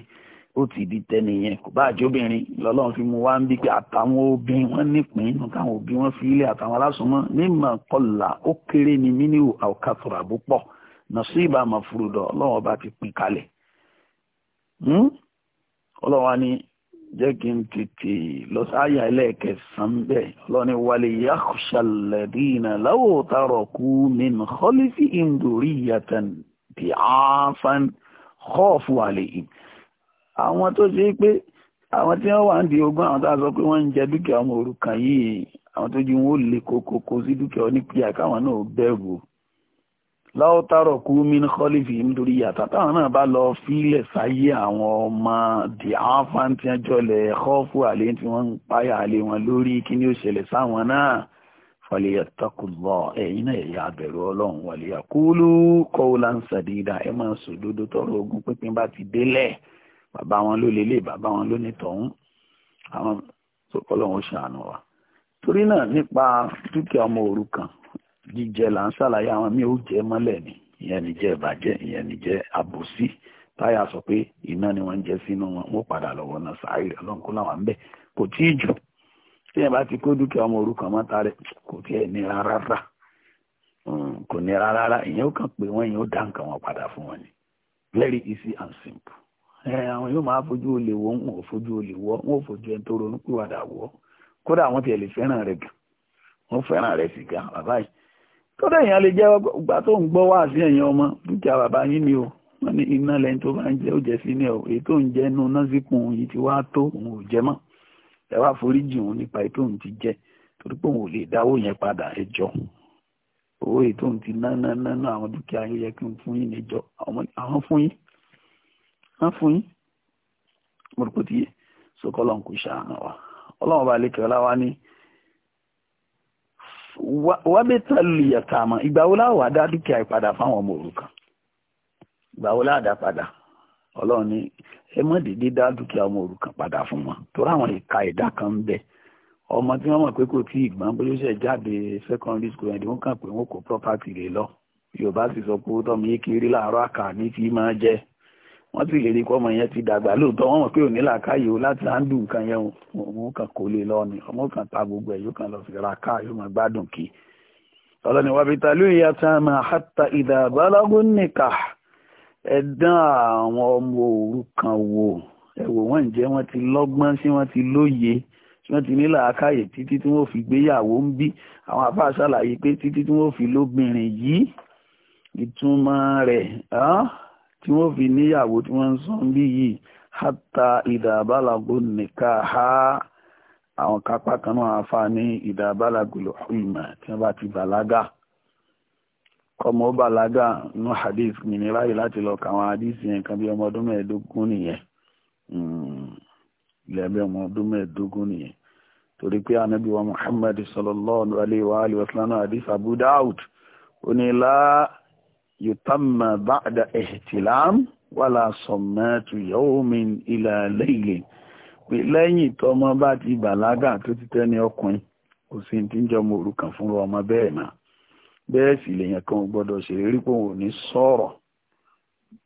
S1: ó ti di tẹ́ni yẹn kò bá àjọbìnrin lọ́lọ́run fi mu wá ń bí pé àtàwọn obìnrin wọn nípìn inú káwọn òbí wọn fi ilé àtàwọn alásùnmọ́ nímọ̀ kọlà ó kéré ni mínú àwòkàtúrà púpọ̀ nasiba mafurudo ọlọ́run ọba ti pín kalẹ̀ hmm? ọlọ́run wa ni jẹ́ kí n tètè lọ sáyà ẹlẹ́ẹ̀kẹsàn-án bẹ́ẹ̀ ọlọ́run wàlẹ̀ yakhshalladina law taraku min khalifi induriyatan di'afan khafu alayhim àwọn tó ṣe pé àwọn tí wọ́n wà ń di ogún àwọn tá a sọ pé wọ́n ń jẹ dúkìá ọmọ òrukàn yìí àwọn tó jí wọn ó le sí dúkìá onípìyà láòtárọ̀ kú min kọ́lífì nítorí yàtà táwọn náà bá lọ fílẹ̀ sáyé àwọn ọmọ di àwọn fantiyanjọlẹ̀ ẹ̀họ́fù àlè tí wọ́n ń páyà àlè wọn lórí kí ni ó ṣẹlẹ̀ sáwọn náà fàlẹ̀ yàtàkùlọ̀ ẹ̀yin náà ẹ̀yà àbẹ̀rù ọlọ́run wàlẹ̀ yàkúlù kọ́ọ̀lá ń sàdédà ẹ̀ máa ń sòdodo tọrọ ogun pínpín bá ti délẹ̀ bàbá wọn ló lélẹ̀ bàbá wọn ló nítọ̀hún àwọn jíjẹ là ń ṣàlàyé àwọn míì ó jẹ mọ́lẹ̀ ni ìyẹn ni jẹ́ ìbàjẹ́ ìyẹn ni jẹ́ àbòsí táyà sọ pé iná ni wọ́n ń jẹ sínú wọn wọ́n padà lọ́wọ́ náà sáré ọlọ́run kó làwọn ń bẹ̀ kò tí ì jù tí ẹ bá ti kó dúkìá ọmọ òrukàn mọ́ta rẹ̀ kò tí ẹ̀ nira rárá hmm, kò nira rárá ìyẹn ó kàn pé wọ́n yẹn ó dá nǹkan wọn padà fún wọn ni very easy and simple àwọn yóò máa fojú olè wọ wọn ò fojú olè wọ wọn ò fojú ẹni tó ronú pìwàdà wọ kódà àwọn tiẹ̀ lè fẹ́ràn rẹ̀ gan wọ́n fẹ́ràn rẹ̀ sì gan bàbá yìí kódà èèyàn lè jẹ́ ọgbà tó ń gbọ́ wá sí ẹ̀yìn ọmọ dúkìá bàbá yín ni o wọ́n ní iná lẹ́yìn tó bá ń jẹ́ ó jẹ́ sí ní ọ̀ èyí tó ń jẹ́ inú násìkò yìí ti wá tó òun ò jẹ́ mọ́ ẹ wá foríjì òun nípa èyí tó ń ti jẹ́ torí pé òun ò lè dáwó yẹn padà ẹjọ́ owó èyí tó ń ti ná ná ná ná àwọn dúkìá yín yẹ kí n fún yín níjọ àwọn fún yín wọ́n fún yín mo rò pé ti yé sọkọ́ ọlọ́run ṣàánú wa ọlọ́run bá lè kẹ́ ọ ní wábẹ́tàlù yàtàmà ìgbàwó láwà dá dúkìá ìpadà fáwọn ọmọ òrukàn ìgbàwó láàdá padà ọlọ́run ni ẹ mọ̀ dédé dá dúkìá ọmọ òrukàn padà fún wọn torí àwọn ìka ẹ̀dá kan ń bẹ ọmọ tí wọ́n mọ̀ pé kò tí ìgbọ́n bóyá ṣe jáde secondary school ẹni wọ́n kàn pé wọ́n kó property rẹ̀ lọ yorùbá sì sọ pé ó tọ́ mi kiri láàárọ̀ àkà ní fi máa jẹ́ wọ́n sì lè rí i pé ọmọ yẹn ti dàgbà lóòótọ́ wọ́n mọ̀ pé ò ní làákàyè láti áńdù nǹkan yẹn òun kàn kó lè lọ ni ọmọ kan ta gbogbo ẹ̀ yóò kàn lọ sí ra ká yóò máa gbádùn kí. ọlọ́ni wàá fi ta lóye yàtá máa hàtà ìdá àbálágún nìkà ẹ̀dán àwọn ọmọ òrukàn wò ẹ̀wò wọ́n ń jẹ́ wọ́n ti lọ́gbọ́n sí wọ́n ti lóye tí wọ́n ti ní làákàyè títí tí wọ́n fi gbéyàwó ń bí àwọn afá pé títí tí wọ́n fi lóbìnrin yìí ìtumọ̀ rẹ̀ tí wọ́n fi níyàwó tí wọ́n ń sún bí yìí hátà ìdàbálàgbò nìka ha àwọn kápá kan náà afá ní ìdàbálàgbò lọ́hùnmá tí wọ́n bá ti bàlágà kọmọ bàlágà nù hadith mi ní ráyè láti lọ kà àwọn hadith yẹn kan bí ọmọ ọdún mẹ́ẹ̀ẹ́dógún nìyẹn hmm, ilẹ̀ ọmọ ọdún mẹ́ẹ̀ẹ́dógún nìyẹn torí pé ànábì wa Muhammad sallallahu alayhi wa sallam hadith Abu Dawud onílà. يتم بعد ẹ̀hìtìlám ولا sọ̀mẹ́tù يوم ìlà ليل. pé lẹ́yìn tọmọ bá ti bàlágà tó ti tẹ́ ní ọkùnrin kò sí ti ń jọ mọ òrukàn fún ọmọ bẹ́ẹ̀ náà bẹ́ẹ̀ sì lèèyàn kan gbọ́dọ̀ ṣèlérí pé òun ò ní sọ̀rọ̀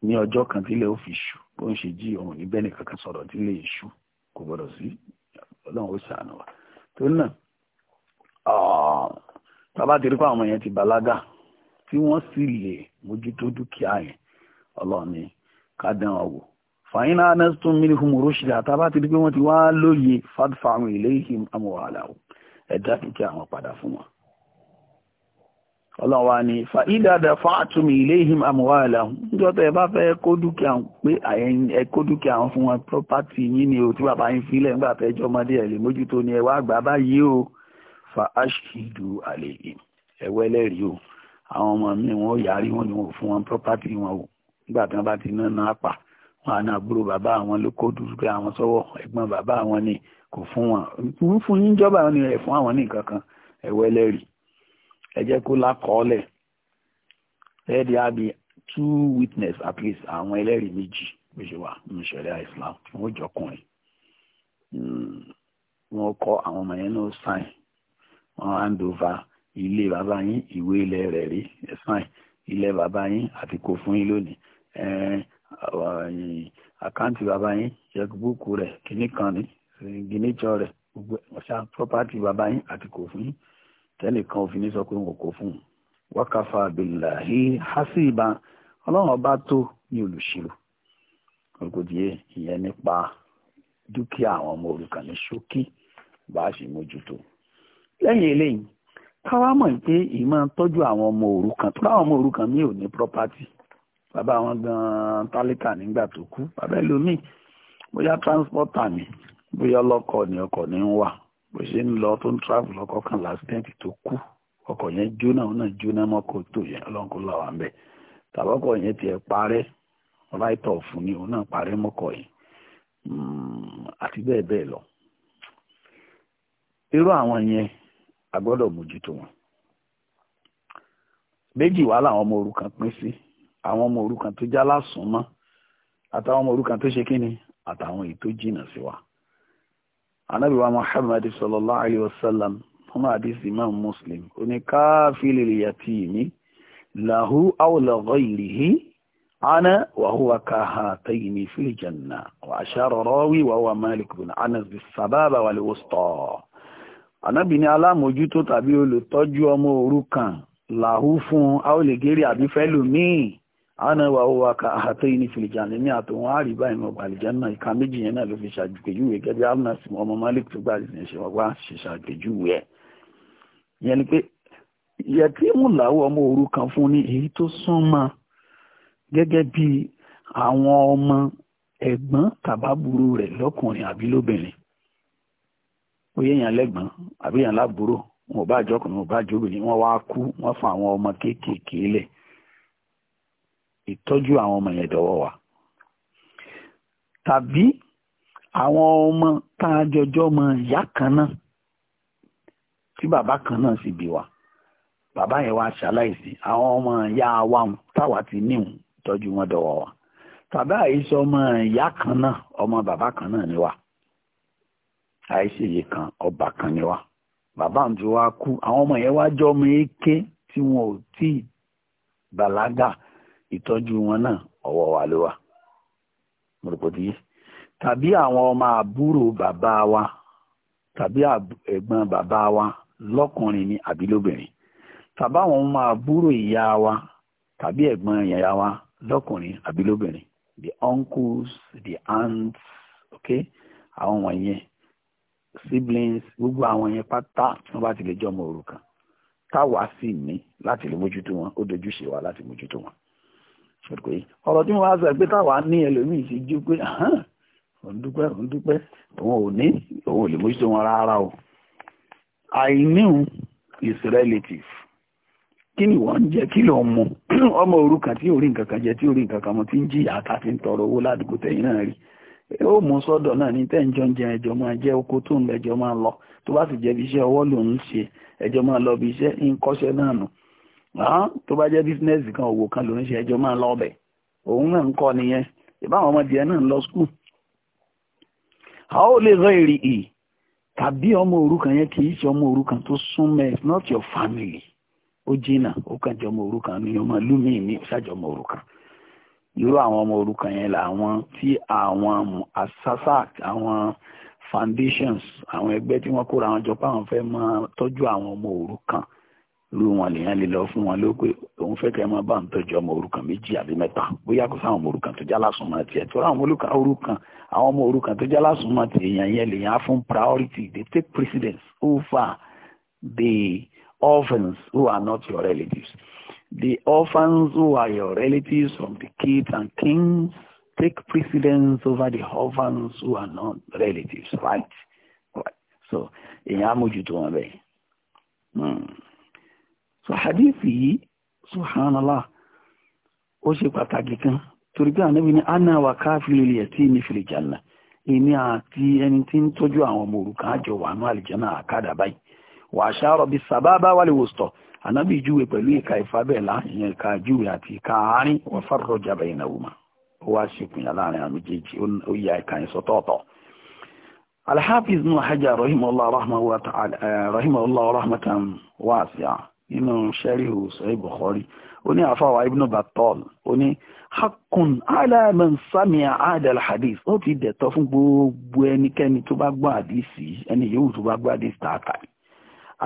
S1: ní ọjọ́ kan tílẹ̀ ó fi ṣù bó ń ṣe jí òun ní bẹ́ẹ̀ nìkan kan sọ̀rọ̀ tílẹ̀ ìṣù kò gbọ́dọ̀ sí ọlọ́run ó ṣàánú wa tó náà ah, tàbá ti rí pé àwọn yẹn ti bàlágà tí wọ́n sì lè mójútó dúkìá yẹn ọlọ́ọ̀ni ni dán ọ wò fàyínà anẹ́sítún mi ní fún mòróṣìlẹ̀ àtàbá ti di pé wọ́n ti wá lóye fàdúfà àwọn ilé ìhìn o ẹ̀dá àwọn padà fún wọn ọlọ́wà ni fa ìdádá fàátùmí iléhìm àmúwàlá níjọ́tọ̀ ẹ bá fẹ́ kó dúkìá pé ẹ dúkìá wọn fún wọn pọ́pátì yín ni o tí bàbá yín fílẹ̀ tẹ́jọ́ ọmọdé ẹ̀ àwọn ọmọ mi wọn ò yarí wọn ni wọn ò fún wọn property wọn o nígbà tí wọn bá ti ná náà pa wọn àna àbúrò bàbá àwọn ló kó dúdú pé àwọn sọ́wọ́ ẹ̀gbọ́n bàbá àwọn ni kò fún wọn ń fún yín jọba ni ẹ fún àwọn ní kan ẹwọ ẹlẹ́rìí ẹ jẹ́ kó lákọọ́lẹ̀ let there be two witness at least àwọn ẹlẹ́rìí méjì bó wà nínú ìṣẹ̀lẹ̀ Islam tí wọn jọkùnrin hmm, wọn kọ àwọn ọmọ yẹn náà sign wọn hand over ilé bàbá yín ìwé ilẹ̀ rẹ̀ rí ẹ̀sán ẹ̀ ilẹ̀ bàbá yín àti kò fún yín lónìí àkáǹtì bàbá yín yẹkùbúùkù rẹ̀ kìíní kan ní gìníjọ rẹ̀ gbogbo ọ̀ṣà property bàbá yín àti kò fún yín tẹ́nìkan òfin ní sọ pé wọn kò fún un wákàfà abilahi hasiba ọlọ́run ọba tó ní olùṣirò olùkòdìyẹ ìyẹn nípa dúkìá àwọn ọmọ òrukàn ṣókí bá a ṣe mójútó lẹ́yìn eléyìí káwá mọ̀ pé èyí máa ń tọ́jú àwọn ọmọ òrukàn tó láwọn ọmọ òrukàn mi ò ní property bàbá wọn gan-an tálíkà nígbà tó kú bàbá ẹlòmíì bóyá transporter ni bóyá ọlọ́kọ ni ọkọ̀ ní ń wà bó ṣe ń lọ tó ń travel ọkọ̀ kan accident tó kú ọkọ̀ yẹn jóná òun jóná mọ́kò tó yẹn ọlọ́run kò lọ́wọ́ àmbẹ́ tàbọ́kọ̀ yẹn tiẹ̀ parẹ́ right off ni òun náà parẹ́ mọ́kọ̀ yẹn hmm, àti bẹ́ẹ̀ bẹ́ẹ̀ lọ irú àwọn yẹn a gbọ́dọ̀ mójútó wọn. méjì wá làwọn ọmọ òrukàn pín sí àwọn ọmọ òrukàn tó já lásùnmọ́ àtàwọn ọmọ òrukàn tó ṣe kíni àtàwọn èyí tó jìnnà sí wa. anabi wa muhammad sallallahu alayhi wa sallam fún àdìsí imam muslim oní káfílì yatimi lahu aw la ghayrihi ana wa huwa kahatayni fil janna wa ashara rawi wa huwa malik bin anas bis sababa wal wusta ànábì ní alámòjútó tàbí olùtọ́jú ọmọ òrukàn làhú fún aolegeri àbí fẹ́lòmíì ana wa ó wa ka àhàtẹ́ yìí ní fìlìjànì ní àtòwọn àríbá ìmọ̀ ọ̀gbàlìjẹ́ náà ìka méjì yẹn náà ló fi ṣàjùpèjúwe gẹ́gẹ́ amnesty ọmọ malik tó gbà ní ṣe wá ṣe ṣàjùpèjúwe yẹn ni pé yẹ kí mú làwọ̀ ọmọ òrukàn fún ní èyí tó súnmọ́ gẹ́gẹ́ bí àwọn ọmọ ẹ̀gbọ́n tàbábúrò rẹ̀ lọ́kùnrin àbí lóbìnrin ó yẹ yàn lẹ́gbọ̀n àbí yàn lábúrò wọn ò bá àjọ ọkùnrin wọn ò bá àjọ obìnrin wọn wá kú wọn fún àwọn ọmọ kéékèèké lẹ̀ ìtọ́jú àwọn ọmọ yẹn dọ̀wọ́ wa tàbí àwọn ọmọ tá a jọjọ́ mọ ìyá kan náà tí bàbá kan náà sì bí wa bàbá yẹn wá ṣaláìsí àwọn ọmọ ìyá wa táwa ti níhùn ìtọ́jú wọn dọ̀wọ́ wa tàbí àìsọ ọmọ ìyá kan náà ọmọ bàbá kan náà ni wa àìṣèyí kan ọba kan ni wa bàbá ń wa kú àwọn ọmọ yẹn wá jọ ọmọ eke tí wọn ò tí ì bàlágà ìtọ́jú wọn náà ọwọ́ wa ló wa mo rò tàbí àwọn ọmọ àbúrò bàbá wa tàbí ẹ̀gbọ́n bàbá wa lọ́kùnrin ni àbí lóbìnrin tàbí àwọn ọmọ àbúrò ìyá wa tàbí ẹ̀gbọ́n ìyá wa lọ́kùnrin àbí lóbìnrin the uncles the aunts okay àwọn wọ̀nyẹn siblings gbogbo àwọn yẹn pátá tí wọ́n bá ti lè jọ ọmọ òrukàn táwa sì ní láti lè mójútó wọn ó dojúṣe wa láti mójútó wọn ṣùgbọ́n ọ̀rọ̀ tí mo wá sọ pé táwa ní ẹlòmíì ṣe jú pé òun dúpẹ́ òun dúpẹ́ òun ò ní òun ò lè mójútó wọn rárá o àìníhun is relative kí ni wọ́n ń jẹ kí ló ń mu ọmọ òrukàn tí ò rí nǹkan kan jẹ tí ò nǹkan kan mu tí ń jìyà ká ti ń tọrọ owó ládùúgbò tẹ̀yìn náà rí eho mú sọ́dọ̀ náà ní tẹ́ǹjọ́ ń jẹ ẹjọ́ máa jẹ́ oko tó ń lọ máa lọ tó bá sì jẹ́ bí iṣẹ́ ọwọ́ ló ń ṣe ẹjọ́ máa lọ bí iṣẹ́ ń kọ́ṣẹ́ náà nù tó bá jẹ́ bísínẹ́sì kan òwò kan ló ṣe ẹjọ́ máa lọ ọbẹ̀ òun náà ń kọ́ nìyẹn ìbáwọn ọmọdé náà ń lọ skul. a ó lè èrè è tàbí ọmọ yẹn kì í ṣe ọmọ tó súnmọ́ not your family irú àwọn ọmọ òrukàn yẹn làwọn tí àwọn asasak àwọn foundations àwọn ẹgbẹ́ tí wọ́n kóra àwọn jọ pé àwọn fẹ́ máa tọ́jú àwọn ọmọ òrukàn irú wọn lèèyàn lè lọ fún wọn ló pé òun fẹ́ kẹ́ ẹ máa bá ń tọ́jú ọmọ òrukàn méjì àbí mẹ́ta bóyá kó sáwọn ọmọ òrukàn tó jálásùn máa tiẹ̀ tó ráwọn òrukàn àwọn ọmọ òrukàn tó jálásùn máa tiẹ̀ èèyàn yẹn lèèyàn á fún priority they take precedence over the orphans who are not your relatives. The orphans who are your relatives from the kids and kings take precedence over the orphans who are not relatives, right? right. So, èèyàn á mójútó hmm. So, hadith yìí, subhanallah, ó ṣe pàtàkì kan. Torí pé ànábi ni, Anna wa kafilul yatimi fil janna. Èmi àti ẹni tí ń tọ́jú àwọn ọmọ òrukàn àjọ wà ní àlìjánà àkádà báyìí. Wa ashara bis sababa wal wusta ànábì júwe pẹ̀lú ìka ìfábẹ́ẹ̀lá ìyẹn ìka júwe àti ìka àárín wọ́n fárọ̀ jábẹ̀ ìnáwó mà ó wá ṣèpìyàn láàrin àwọn méjèèjì ó yà ìka yẹn sọ́tọ̀ọ̀tọ̀. alhafiz ibn hajar rahimahullah rahmatan eh, wasi'a nínú sẹ́ríhù sọ́yìn bukhari ó ní àfáwà ibn battal ó ní hakun alaman samia adal hadith ó ti dẹ̀tọ́ fún gbogbo ẹnikẹ́ni tó bá gbọ́ àdìsí ẹni yòówù tó bá gbọ́ àdìsí tààtàì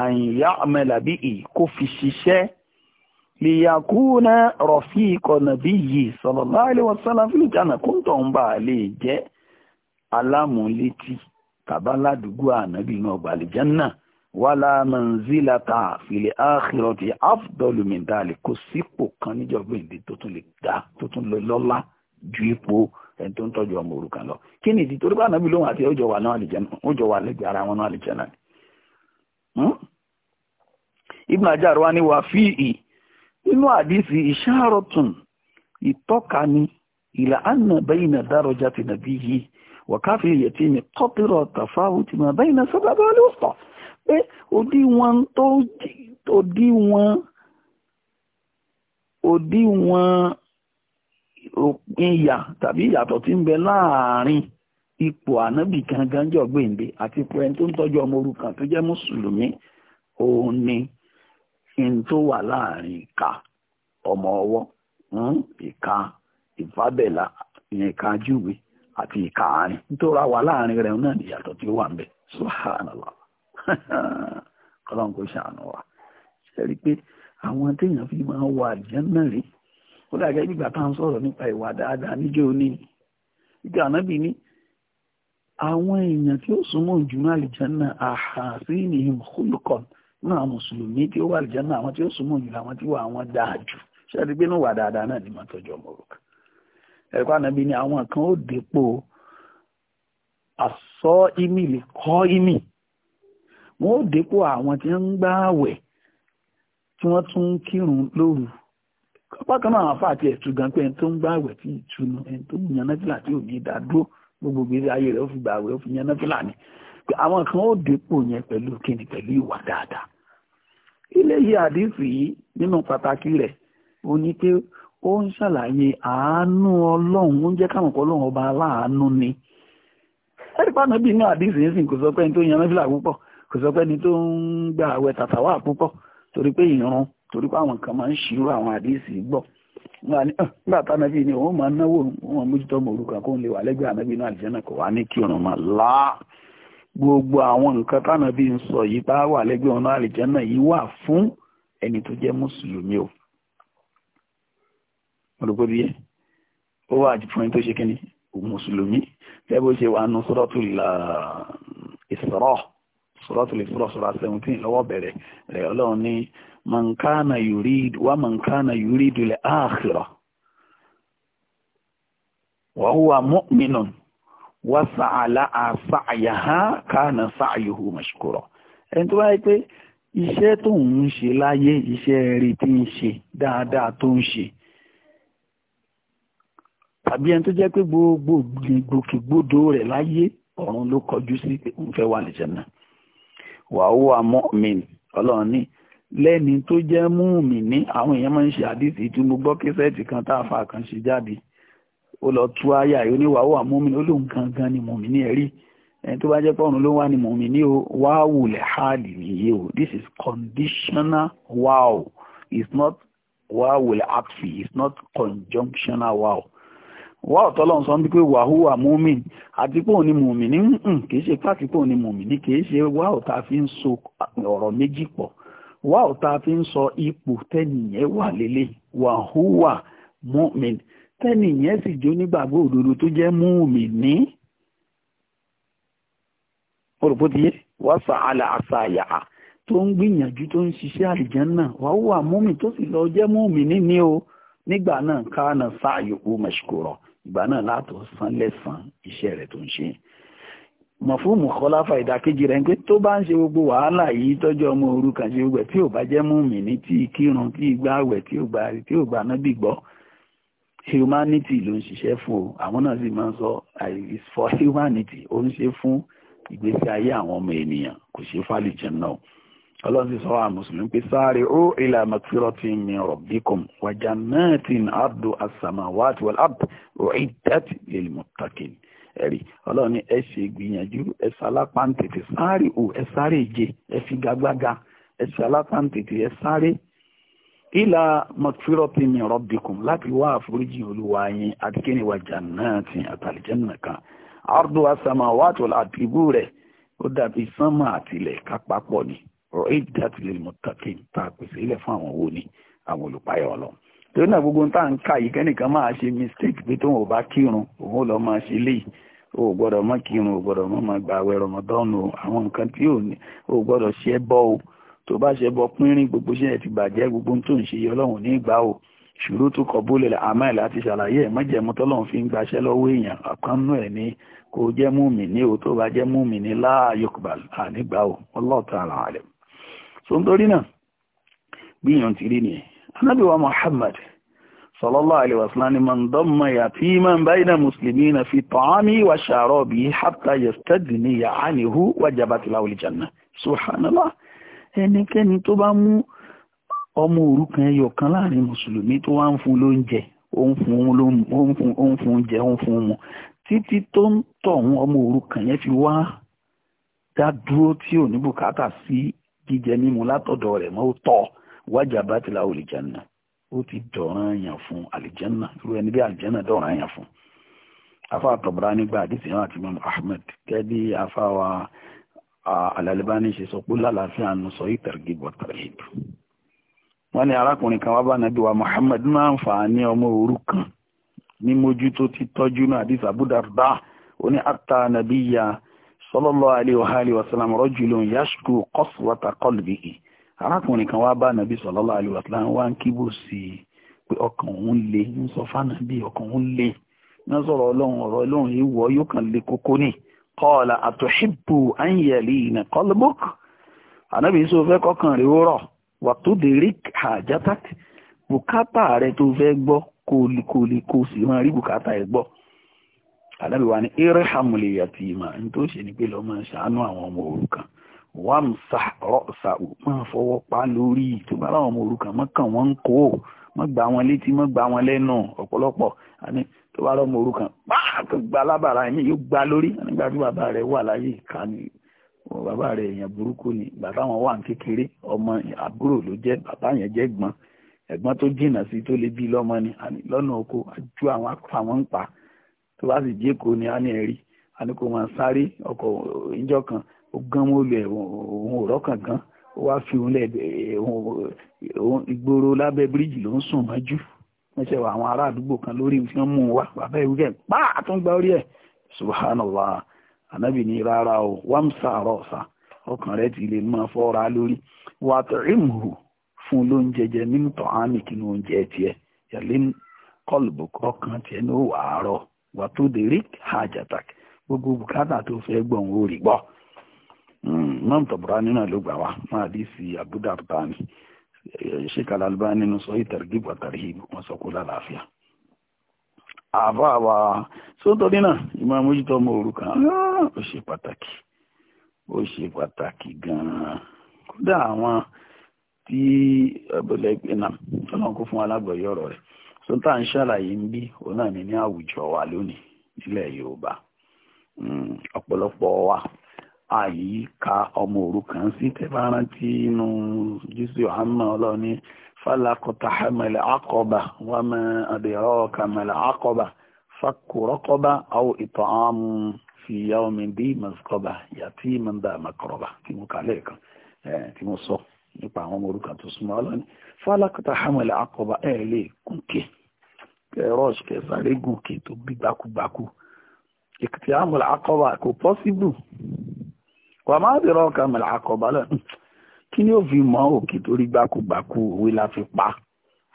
S1: àyìnyá àmẹ́làbí ì kó fi ṣiṣẹ́ lìyàkúnà rọ̀fí ìkọ̀nà bí yìí sallallahu alaihi wasallam fílìjànà kó ń tọ̀ ń bà lè jẹ́ alámúlétí tàbá ládùúgbò ànábì inú ọgbà àlìjánà wàlá manzilata fil akhirati afdalu min dhalik kò sípò kan níjọba èdè tó tún lè dá tó tún lè lọ́lá ju ipò ẹni tó ń tọ́jú ọmọ òrukàn lọ kí ni ìdí torí ànábì lóhùn àti ọjọ́ wà náà àlìjánà ó jọ wà lẹ́gbẹ̀ẹ́ ara wọn náà àlìjánà ni. Hmm? ibn ajar wa ni wà fíì nínú àdìsí ìṣàròtún ìtọ́ka ni ìlà àna bayna darajati nabiyyi wa kafil yatimi qatra tafawuti ma bayna sábàbà al-wusta pé òdiwọ̀n tó òdiwọ̀n òdiwọ̀n òpin ya tàbí ya tí ń bẹ laarin ipò ànábì gangan jọ gbèǹde àti ipò ẹni tó ń tọ́jú ọmọ òrukàn tó jẹ́ mùsùlùmí òun ni n tó wà láàrin ìka ọmọ ọwọ hmm, ìka ìfábẹ́là ìka júwe àti ìka àárín nítorá wà láàrin rẹ̀ náà ìyàtọ̀ tí ó wà ń bẹ subhanallah ṣàánú wa ṣe rí i pé àwọn téèyàn fi máa ń wà àlìjánná rí ó dàgẹ́ nígbà tá à ń sọ̀rọ̀ nípa ìwà àwọn èèyàn tí ó súnmọ́ ìjùmọ̀ àlìjánà àhàsínìhìm khuluqan náà àwọn mùsùlùmí tí ó wà àlìjánà àwọn tí ó súnmọ́ ìjùmọ̀ àwọn tí wà àwọn dáa jù ṣáàtì pé níwà dáadáa náà ni máa tọ́jú ọmọ òrùka ẹ̀kọ́ ànábi ni àwọn kan ó dépò àsọ ìmì lè kọ́ ìmì wọ́n ó dépò àwọn tí ń gbá àwẹ̀ tí wọ́n tún ń kírun lóru bákan náà àwọn afáàtì ẹ̀tù pé ẹni tó ń gbá àwẹ̀ tí ìtùnú ẹni tó ń yan nájìlá tí ò ní ìdádúró gbogbo gbèsè ayé rẹ̀ ó fi gbààwẹ̀ ó fi yan náfìlà ni àwọn kan ó dépò yẹn pẹ̀lú kíni pẹ̀lú ìwà dáadáa ilé yìí àdífì yìí nínú pàtàkì rẹ̀ ó ní pé ó ń ṣàlàyé àánú ọlọ́run ó ń jẹ́ káwọn ọlọ́run ọba aláàánú ni ẹ̀rípa náà bí inú àdífì yìí sì kò sọ pé ẹni tó yan náfìlà púpọ̀ kò sọ pé ẹni tó ń gbààwẹ̀ tàtàwà púpọ̀ torí pé ìran torí pé àwọn kan máa ń ṣírò àwọn àdífì gbọ́ nígbà ah, tánábì ni òun máa náwó wọn mójútó ọmọ òrukàn kó ń lè wà lẹ́gbẹ̀ẹ́ ànábì náà àlìjẹ́nà kò wá ní kí ọ̀ràn máa lá gbogbo àwọn nǹkan tánábì ń sọ yìí bá wà lẹ́gbẹ̀ẹ́ ọ̀nà àlìjẹ́nà yìí wà fún ẹni tó jẹ́ mùsùlùmí o olùkọ́ bí yẹ ó wà fún ẹni tó ṣe kí mùsùlùmí tẹ́ bó ṣe wà nù suratul uh, Isra suratul Isra sura seventeen lọ́wọ́ bẹ̀rẹ̀ rẹ̀ ọlọ́run ní mankana yurid wa mankana yurid lè áàkìrọ wa huwa mu'minun wa sa'ala àṣàyàhá kana sa'yuhu mashkura ẹni tó wáyé pé iṣẹ́ tó ń ṣe láyé iṣẹ́ rí tí ń ṣe dáadáa tó ń ṣe tàbí ẹni tó gbogbo gbòkègbodò rẹ̀ láyé ọ̀run ló kọjú sí pé òun fẹ́ wà lìjẹ́ náà wàá wà mọ́min ọlọ́run ní lẹ́ni tó jẹ́ múùmí ní àwọn èèyàn máa ń ṣe àdìsí tí mo gbọ́ kẹsẹ̀tì kan tá a fa kan ṣe jáde ó lọ tú àyà yìí oníwàá wà múùmí ní olóhùn gangan ni múùmí ní ẹ̀rí ẹni tó bá jẹ́ pọ́ọ̀rùn ló wà ní múùmí ní o wáwù lẹ̀ hàlì nìyí o this is conditional wow it's not wáwù lẹ̀ àkfì it's not conjunctional wow wá ọ̀tọ́lọ́run sọ bí pé wàhúwà múmin àti pé òní múmin ní kìí ṣe pàtí pé òní múmin ní kìí ṣe wá ọ̀tá fi ń so ọ̀rọ̀ méjì pọ̀ wá ò tá a fi ń sọ ipò tẹ́nìyẹn wà lélẹ̀ wàhúwà mọ́mìn tẹ́nìyẹn sì jó nígbàgbọ́ òdodo tó jẹ́ mọ́mìn ní. olùkọ́ ti yé wá sa àlà àṣà àyà tó ń gbìyànjú tó ń ṣiṣẹ́ àlìjánná wàhúwà mọ́mìn tó sì lọ jẹ́ mọ́mìn ní o nígbà náà káànà sáàyò ó mẹ́ṣkúrọ̀ ìgbà náà látọ̀ san lẹ́sàn iṣẹ́ rẹ̀ tó ń ṣe mọ̀fúnmù kọláfà ìdàkejì rẹ̀ ń pé tó bá ń ṣe gbogbo wàhálà yìí tọ́jú ọmọ òrukàn ṣe gbogbo ẹ̀ tí ò bá jẹ́ mùmínì tí kírun tí gba àwẹ̀ tí ò gbà tí ò gbà náà dìgbọ́ humanity ló ń ṣiṣẹ́ fún o àwọn náà sì máa ń sọ it's for humanity ó ń ṣe fún ìgbésí ayé àwọn ọmọ ènìyàn kò ṣe fàlìjẹ náà ọlọ́run ti sọ àwọn mùsùlùmí pé sáré ó ilà màtírọ́tì min rabbikum wa jannatin ardu as-samawati wal ard u'iddat lil muttaqin ẹ̀rí ọlọ́run ní ẹ ṣe ìgbìyànjú ẹ sálápá ń tètè sáré o ẹ sáré ìje ẹ fi gagbága ẹ sálápá ń tètè ẹ sáré ìlà mọ̀tírọ́pì mi rọ́bìkùn láti wá àforíjì olúwa yín àti kí ni wà jàǹnàtì àtàlìjẹ́nà kan ardu asama wàtò àtìbú rẹ̀ ó dàbí sánmà àtìlẹ̀ kápapọ̀ ni ọ̀rọ̀ èyí dàtìlẹ̀ mọ̀tàkì ta pèsè ilẹ̀ fún àwọn wo ni àwọn olùpayọ̀ torí náà gbogbo tá à ń kà yìí kẹ́nìkan máa ṣe mistake pé tóun ò bá kírun òun ò lọ máa ṣe léyìí o gbọ́dọ̀ mọ́ kírun o gbọ́dọ̀ mọ́ máa gbààwẹ̀ Ramadan o àwọn nǹkan tí ò ní o gbọ́dọ̀ ṣe é bọ́ o tó bá ṣe bọ́ pínrín gbogbo ṣe ẹ̀ ti bàjẹ́ gbogbo tó ń ṣe ọlọ́run ní ìgbà o ṣùrù tó kọ bólè àmọ́ ẹ̀ láti ṣàlàyé ẹ̀ mọ́jẹ̀mú tọ́lọ́run fi ń gbaṣẹ́ lọ́wọ́ èèyàn àkànnú ẹ̀ ní kò jẹ́ mùmínì o tó bá jẹ́ mùmínì la yukbal ànígbà o Allahu ta'ala alim. náà gbìyànjú rí nìyẹn anábìwá Muhammad sallallahu alaihi wasallam ni man damma yatiman bayna muslimina fi ta'ami wa sharabi hatta yastadniya anhu wajabat lahu al-jannah subhanallah ẹnikẹ́ni tó bá mú ọmọ òrukàn ẹyọ kan láàrin mùsùlùmí tó wá ń fún lóúnjẹ ó ń fún oúnjẹ ó ń fún mu títí tó ń tọ̀hún ọmọ òrukàn yẹn fi wá dá dúró tí ò bùkátà sí jíjẹ mímu látọ̀dọ̀ rẹ̀ mọ́ tọ̀ wájà bá ti la olùjànà ó ti dọ̀ràn yàn fún àlìjánà irú ẹni bí àlìjánà dọ̀ràn yàn fún afa àtọ̀bọ̀rá nígbà àdìsí náà àti mọ́mọ́ ahmed kẹ́bí afa wa alalibani ṣe sọ pé lálàáfíà ń sọ ìtàrgì bọ̀tàrgìb wọ́n ní arákùnrin kan wá bá nàbí wa muhammed máa ń fà á ní ọmọ òru kan ní mójútó ti tọ́jú náà àdìsí abúdàrdá ó ní ata nàbí ya sallallahu alaihi wa alihi wa sallam rajulun yashku qaswata arákùnrin kan wá bá nàbí sallallahu alaihi wasallam wá ń kíbò sí i pé ọkàn òun le ń sọ fánàbí ọkàn òun le náà sọ̀rọ̀ ọlọ́run ọ̀rọ̀ ọlọ́run èèwọ̀ yóò kàn le kókó ní qala atuhibbu an yalina qalbuk ànábì sọ fẹ́ kọ́kàn rẹ̀ ó rọ̀ wa tudrik hajatak bùkátà rẹ̀ tó fẹ́ gbọ́ kólikóli kó sì máa rí bùkátà ẹ̀ gbọ́ ànábì wa ní irhamul yatima ní tó ṣe ni pé lọ́ máa ṣàánú àwọn ọmọ òrukàn wàmsà rọ́ọ̀sà ò máa fọwọ́ pa lórí tó bá láwọn ọmọ òrukàn mọ́kàn wọ́n ń kó o mọ́ gbà wọn létí mọ́ gbà wọn lẹ́nu ọ̀pọ̀lọpọ̀ àní tó bá lọ́mọ òrukàn pàà tó gba alábàárà ẹ̀mí yóò gba lórí nígbà tí bàbá rẹ̀ wà láyé ìka ni bàbá rẹ̀ èèyàn burúkú ni bàbá wọn wà ní kékeré ọmọ àbúrò ló jẹ́ bàbá yẹn jẹ́ gbọ́n ẹ̀gbọ́n tó jìnnà sí tó lè bí lọ́mọ ni àní lọ́nà oko ajú àwọn afa wọn ń pa tó bá sì jẹ́ ni á ní ẹ̀rí àní kò máa sáré ọkọ̀ ìjọ kan ó gán mọ́ òun kan gan ó wá fi òun lẹ̀ ìgboro lábẹ́ bíríìjì ló ń sùn mọ́jú ṣe àwọn ará àdúgbò kan lórí tí wọ́n mú un wá bàbá ìwé rẹ̀ pa gba orí ẹ̀ subhanallah anabi ní rárá o wàmsà rọ̀ọ̀sà ọkàn ti lè lórí fún lóúnjẹ jẹ nínú tọ́ ní oúnjẹ ní gbogbo bùkátà tó fẹ́ gbọ̀n orí Mm, imam taburani náà ló gbà wá máa si sí abúdàbà ni eh, sheikh alalbani nínú sọ wa tarhib wọn sọ kó lálàáfíà àbá wa sótórí náà ìmọ̀ ah, ṣe pàtàkì ó ṣe pàtàkì gan àwọn tí ọbẹ̀lẹ̀ eh, ìpínà fún ń ṣàlàyé ń bí òun náà ní àwùjọ wa lónìí àyíká ọmọ òrukàn sí tẹ́bárántí inú jésù ọ̀hánà ọlọ́ni fálakọta hamẹlẹ akọba wà mẹ àdéhọ kàmẹlẹ akọba fakùrọkọba àwọn ìtọ àmú fi ya omi bí mọsikọba yàtí mọdà mọkọrọba tí mo kà lẹ́ẹ̀kan tí mo sọ nípa àwọn ọmọ òrukàn tó súnmọ́ ọlọ́ni lè wà má bèrè ọkà mẹ́lẹ̀ àkọ́bá lẹ́ kí ni ó fi mọ́ òkè torí gbákùgbàkù òwe la fi pa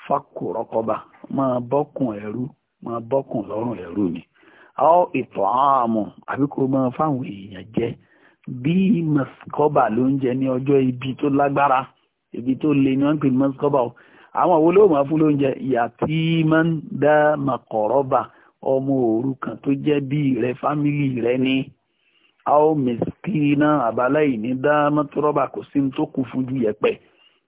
S1: fákò rọ́kọ́bà máa bọ́kùn ẹ̀rú máa bọ́kùn lọ́rùn ẹ̀rú ni àwọn ìtọ̀ àmọ̀ àbí kò máa fáwọn èèyàn jẹ bí mọ́síkọ́bà ló ń jẹ ní ọjọ́ ibi tó lágbára ibi tó le ni wọ́n ń pè mọ́síkọ́bà o àwọn wo ló máa fún lóúnjẹ ìyá tí máa ń dá màkọ̀rọ́bà ọmọ òrukàn tó jẹ́ bí rẹ fámìlì rẹ ni a ó mẹsìkìrínà àbálá ìní dá mọ́tòrọ́bà kò sí tó kù fún ju yẹ̀pẹ̀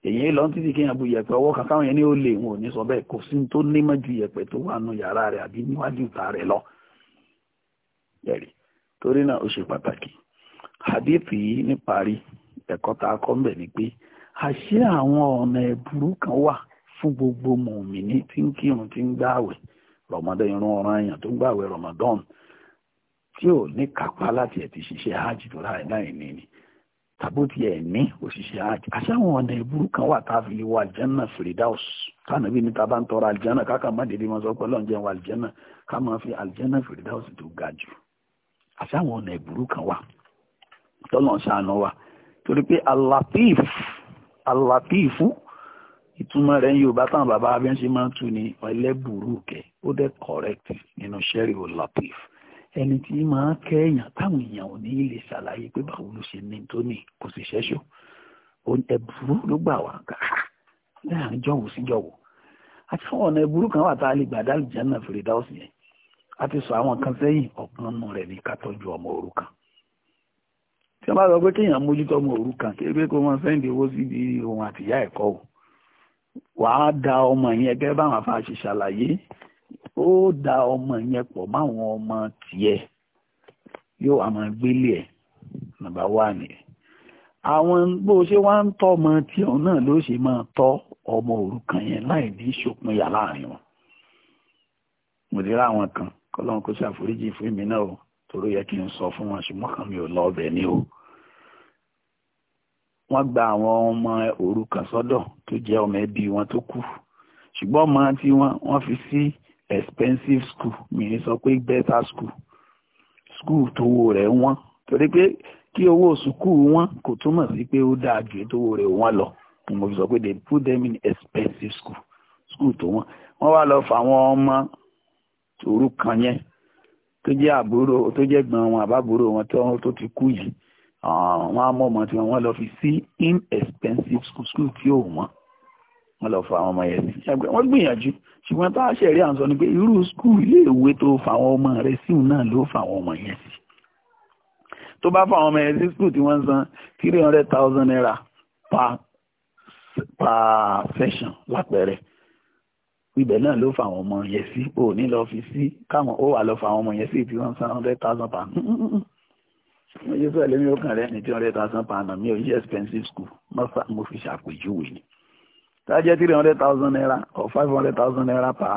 S1: èyí lọ títí kéèyàn bu yẹ̀pẹ̀ ọwọ́ kan káwọn yẹn ní ó lè wọn ò ní sọ bẹ́ẹ̀ kò sí tó nímọ̀ ju yẹ̀pẹ̀ tó wà nù yàrá rẹ̀ àbí níwájú ìta rẹ̀ lọ. yẹ̀rì torí náà ó ṣe pàtàkì hadith yìí níparí ẹ̀kọ́ tá a kọ́ ń bẹ̀ ni pé àṣé àwọn ọ̀nà ẹ̀bùrú kan wà fún gbogbo mọ̀mìnì tí ń kírun tí ń gbààwẹ̀ rọ̀mọdé irun ọ̀ràn èèyàn tó ń gbààwẹ̀ rọ̀mọdọ́ọ̀nù tí ò ní kápá láti ẹ̀ ti ṣiṣẹ́ hajj tó láì láì ní ni tàbó tiẹ̀ ní òṣìṣẹ́ hajj àṣàwọn ọ̀nà ìburú kan wà tá a fi lè wọ aljanna firdaus táwọn ibi níta bá ń tọrọ aljanna káka má dédé wọn sọ pé lọ́njẹ́ wọ aljanna ká máa fi aljanna firdaus tó ga jù àṣàwọn ọ̀nà ìburú kan wà tọ́lọ̀ ṣàánú wa torí pé alatif alatifu ìtumọ̀ rẹ̀ ń yorùbá táwọn bàbá abẹ́ńṣe máa ń tu ni ẹlẹ́bùrú kẹ ó dẹ́ correct nínú sẹ́rí o ẹni tí máa kẹ́ èèyàn táwọn èèyàn ò ní lè ṣàlàyé pé báwo ló ṣe ní tó ní kò sì ṣẹ́ṣọ́ ẹ̀bùrú ló gbà wá káà láàrin jọ̀wọ́ sí jọ̀wọ́ àti àwọn ọ̀nà ẹ̀bùrú kan wà tá a lè gbà dá àlùjánnà fèrèdáùsì yẹn a ti sọ àwọn kan sẹ́yìn ọ̀kan nù rẹ̀ ní ká tọ́jú ọmọ òrukàn tí wọ́n bá sọ pé kéèyàn mójútó ọmọ òrukàn kébé kó wọn sẹ́ǹdì owó sí ibi àtìyá ẹ̀kọ́ o wàá da ọmọ yẹn gẹ́gẹ́ báwọn afáàṣì ṣàlàyé ó da ọmọ yẹn pọ̀ máwọn ọmọ tiẹ̀ yóò àmọ́ gbélé ẹ̀ nàbà wà nìyẹn àwọn bó ṣe wá ń tọ́ ọmọ tí òun náà ló ṣe máa tọ́ ọmọ òrukàn yẹn láì ní ìṣòpinya láàrin wọn mo ti rá àwọn kan kọlọ́n kó ṣàforíjì fún mi náà o tòró yẹ kí n sọ fún wọn ṣùgbọ́n kan mi ò lọ ọbẹ̀ ni o wọ́n gba àwọn ọmọ òrukàn sọ́dọ̀ tó jẹ́ ọmọ ẹbí wọn tó kù ṣùgbọ́n ọmọ tí wọ́n fi sí expensive school mi ní sọ pé better school school tówó rẹ̀ wọ́n torí pé kí owó sùkúù wọn kò túmọ̀ sí pé ó dáa ju tówó rẹ̀ wọ́n lọ mo fi sọ pé they put them in expensive school school tó wọ́n wọ́n wá lọ fà àwọn ọmọ òrukàn yẹn tó jẹ́ àbúrò tó jẹ́ gbọ́n wọn àbábúrò wọn tó ti kú yìí wọ́n á mọ̀ ọmọ tí wọ́n lọ fi sí inexpensive school school tí ò wọ́n wọ́n lọ fa àwọn ọmọ yẹn sí ṣàgbẹ́ wọ́n gbìyànjú ṣùgbọ́n tá a ṣe rí à ń sọ ni pé irú skul iléèwé tó fa àwọn ọmọ rẹ̀ síhùn náà ló fa àwọn ọmọ yẹn sí tó bá fa àwọn ọmọ yẹn sí skul tí wọ́n san three hundred thousand naira per per session lápẹẹrẹ ibẹ̀ náà ló fa àwọn ọmọ yẹn sí ò ní lọ fi sí káwọn ó wà lọ fa àwọn ọmọ yẹn sí tí wọ́n san hundred thousand per mo yẹ sọ ẹlẹ́mi ó kàn rẹ́ ní three hundred thousand per annum mi ò yí expensive school mo fi ṣàpèjúwe ni tá jẹ́ three hundred thousand naira or five hundred thousand naira per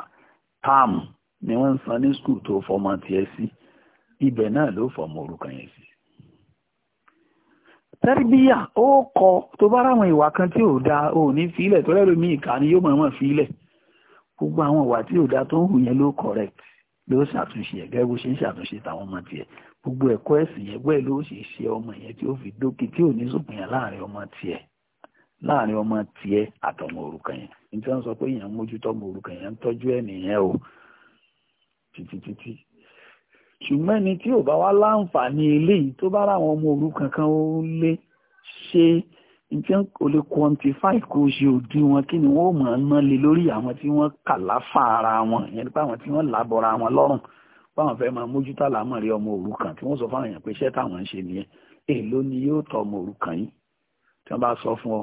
S1: term ni wọ́n ń san ní skul tó fọmọ tiẹ̀ sí ibẹ̀ náà ló fọmọ orúkọ yẹn sí. tẹ́rìbíyà ó kọ tó bá ráwọn ìwà kan tí ò dáa ò ní fílẹ̀ tó rẹ́rù mí ìka ni yóò mọ̀ọ́mọ̀ fílẹ̀ gbogbo àwọn ìwà tí ò dáa tó ń hù yẹn ló correct ló ṣàtúnṣe ẹ̀ gẹ́gẹ́ bó ṣe ń ṣàtúnṣe tàwọn ọmọ tiẹ̀ gbogbo ẹ̀kọ́ ẹ̀sìn yẹn gbẹ́ ló ṣe ṣe ọmọ yẹn tí ó fi dókè tí ò ní sòpin láàrin ọmọ tiẹ̀ àtọmọ òrukàn yẹn ní tí wọ́n sọ pé èèyàn mójútó ọmọ òrukàn yẹn ń tọ́jú ẹ̀ nìyẹn o títí títí ṣùgbọ́n ẹni tí ò bá wá láǹfààní eléyìí tó bá ráwọn ọmọ òrukàn kan ó lé ṣe nǹkan ò lè quantify kó ṣe òdi wọn kí ni wọ́n mọ̀ ọ́n ná lé lórí àwọn tí wọ́n kà láfà ara wọn ìyẹn nípa àwọn tí wọ́n làbọ̀ra wọn lọ́rùn báwọn fẹ́ máa mójútó àlámọ̀rí ọmọ òrukàn tí wọ́n sọ fáwọn èèyàn pé iṣẹ́ táwọn ń ṣe nìyẹn èèló ni yóò tọ́ ọmọ òrukàn yìí tí wọ́n bá sọ fún ọ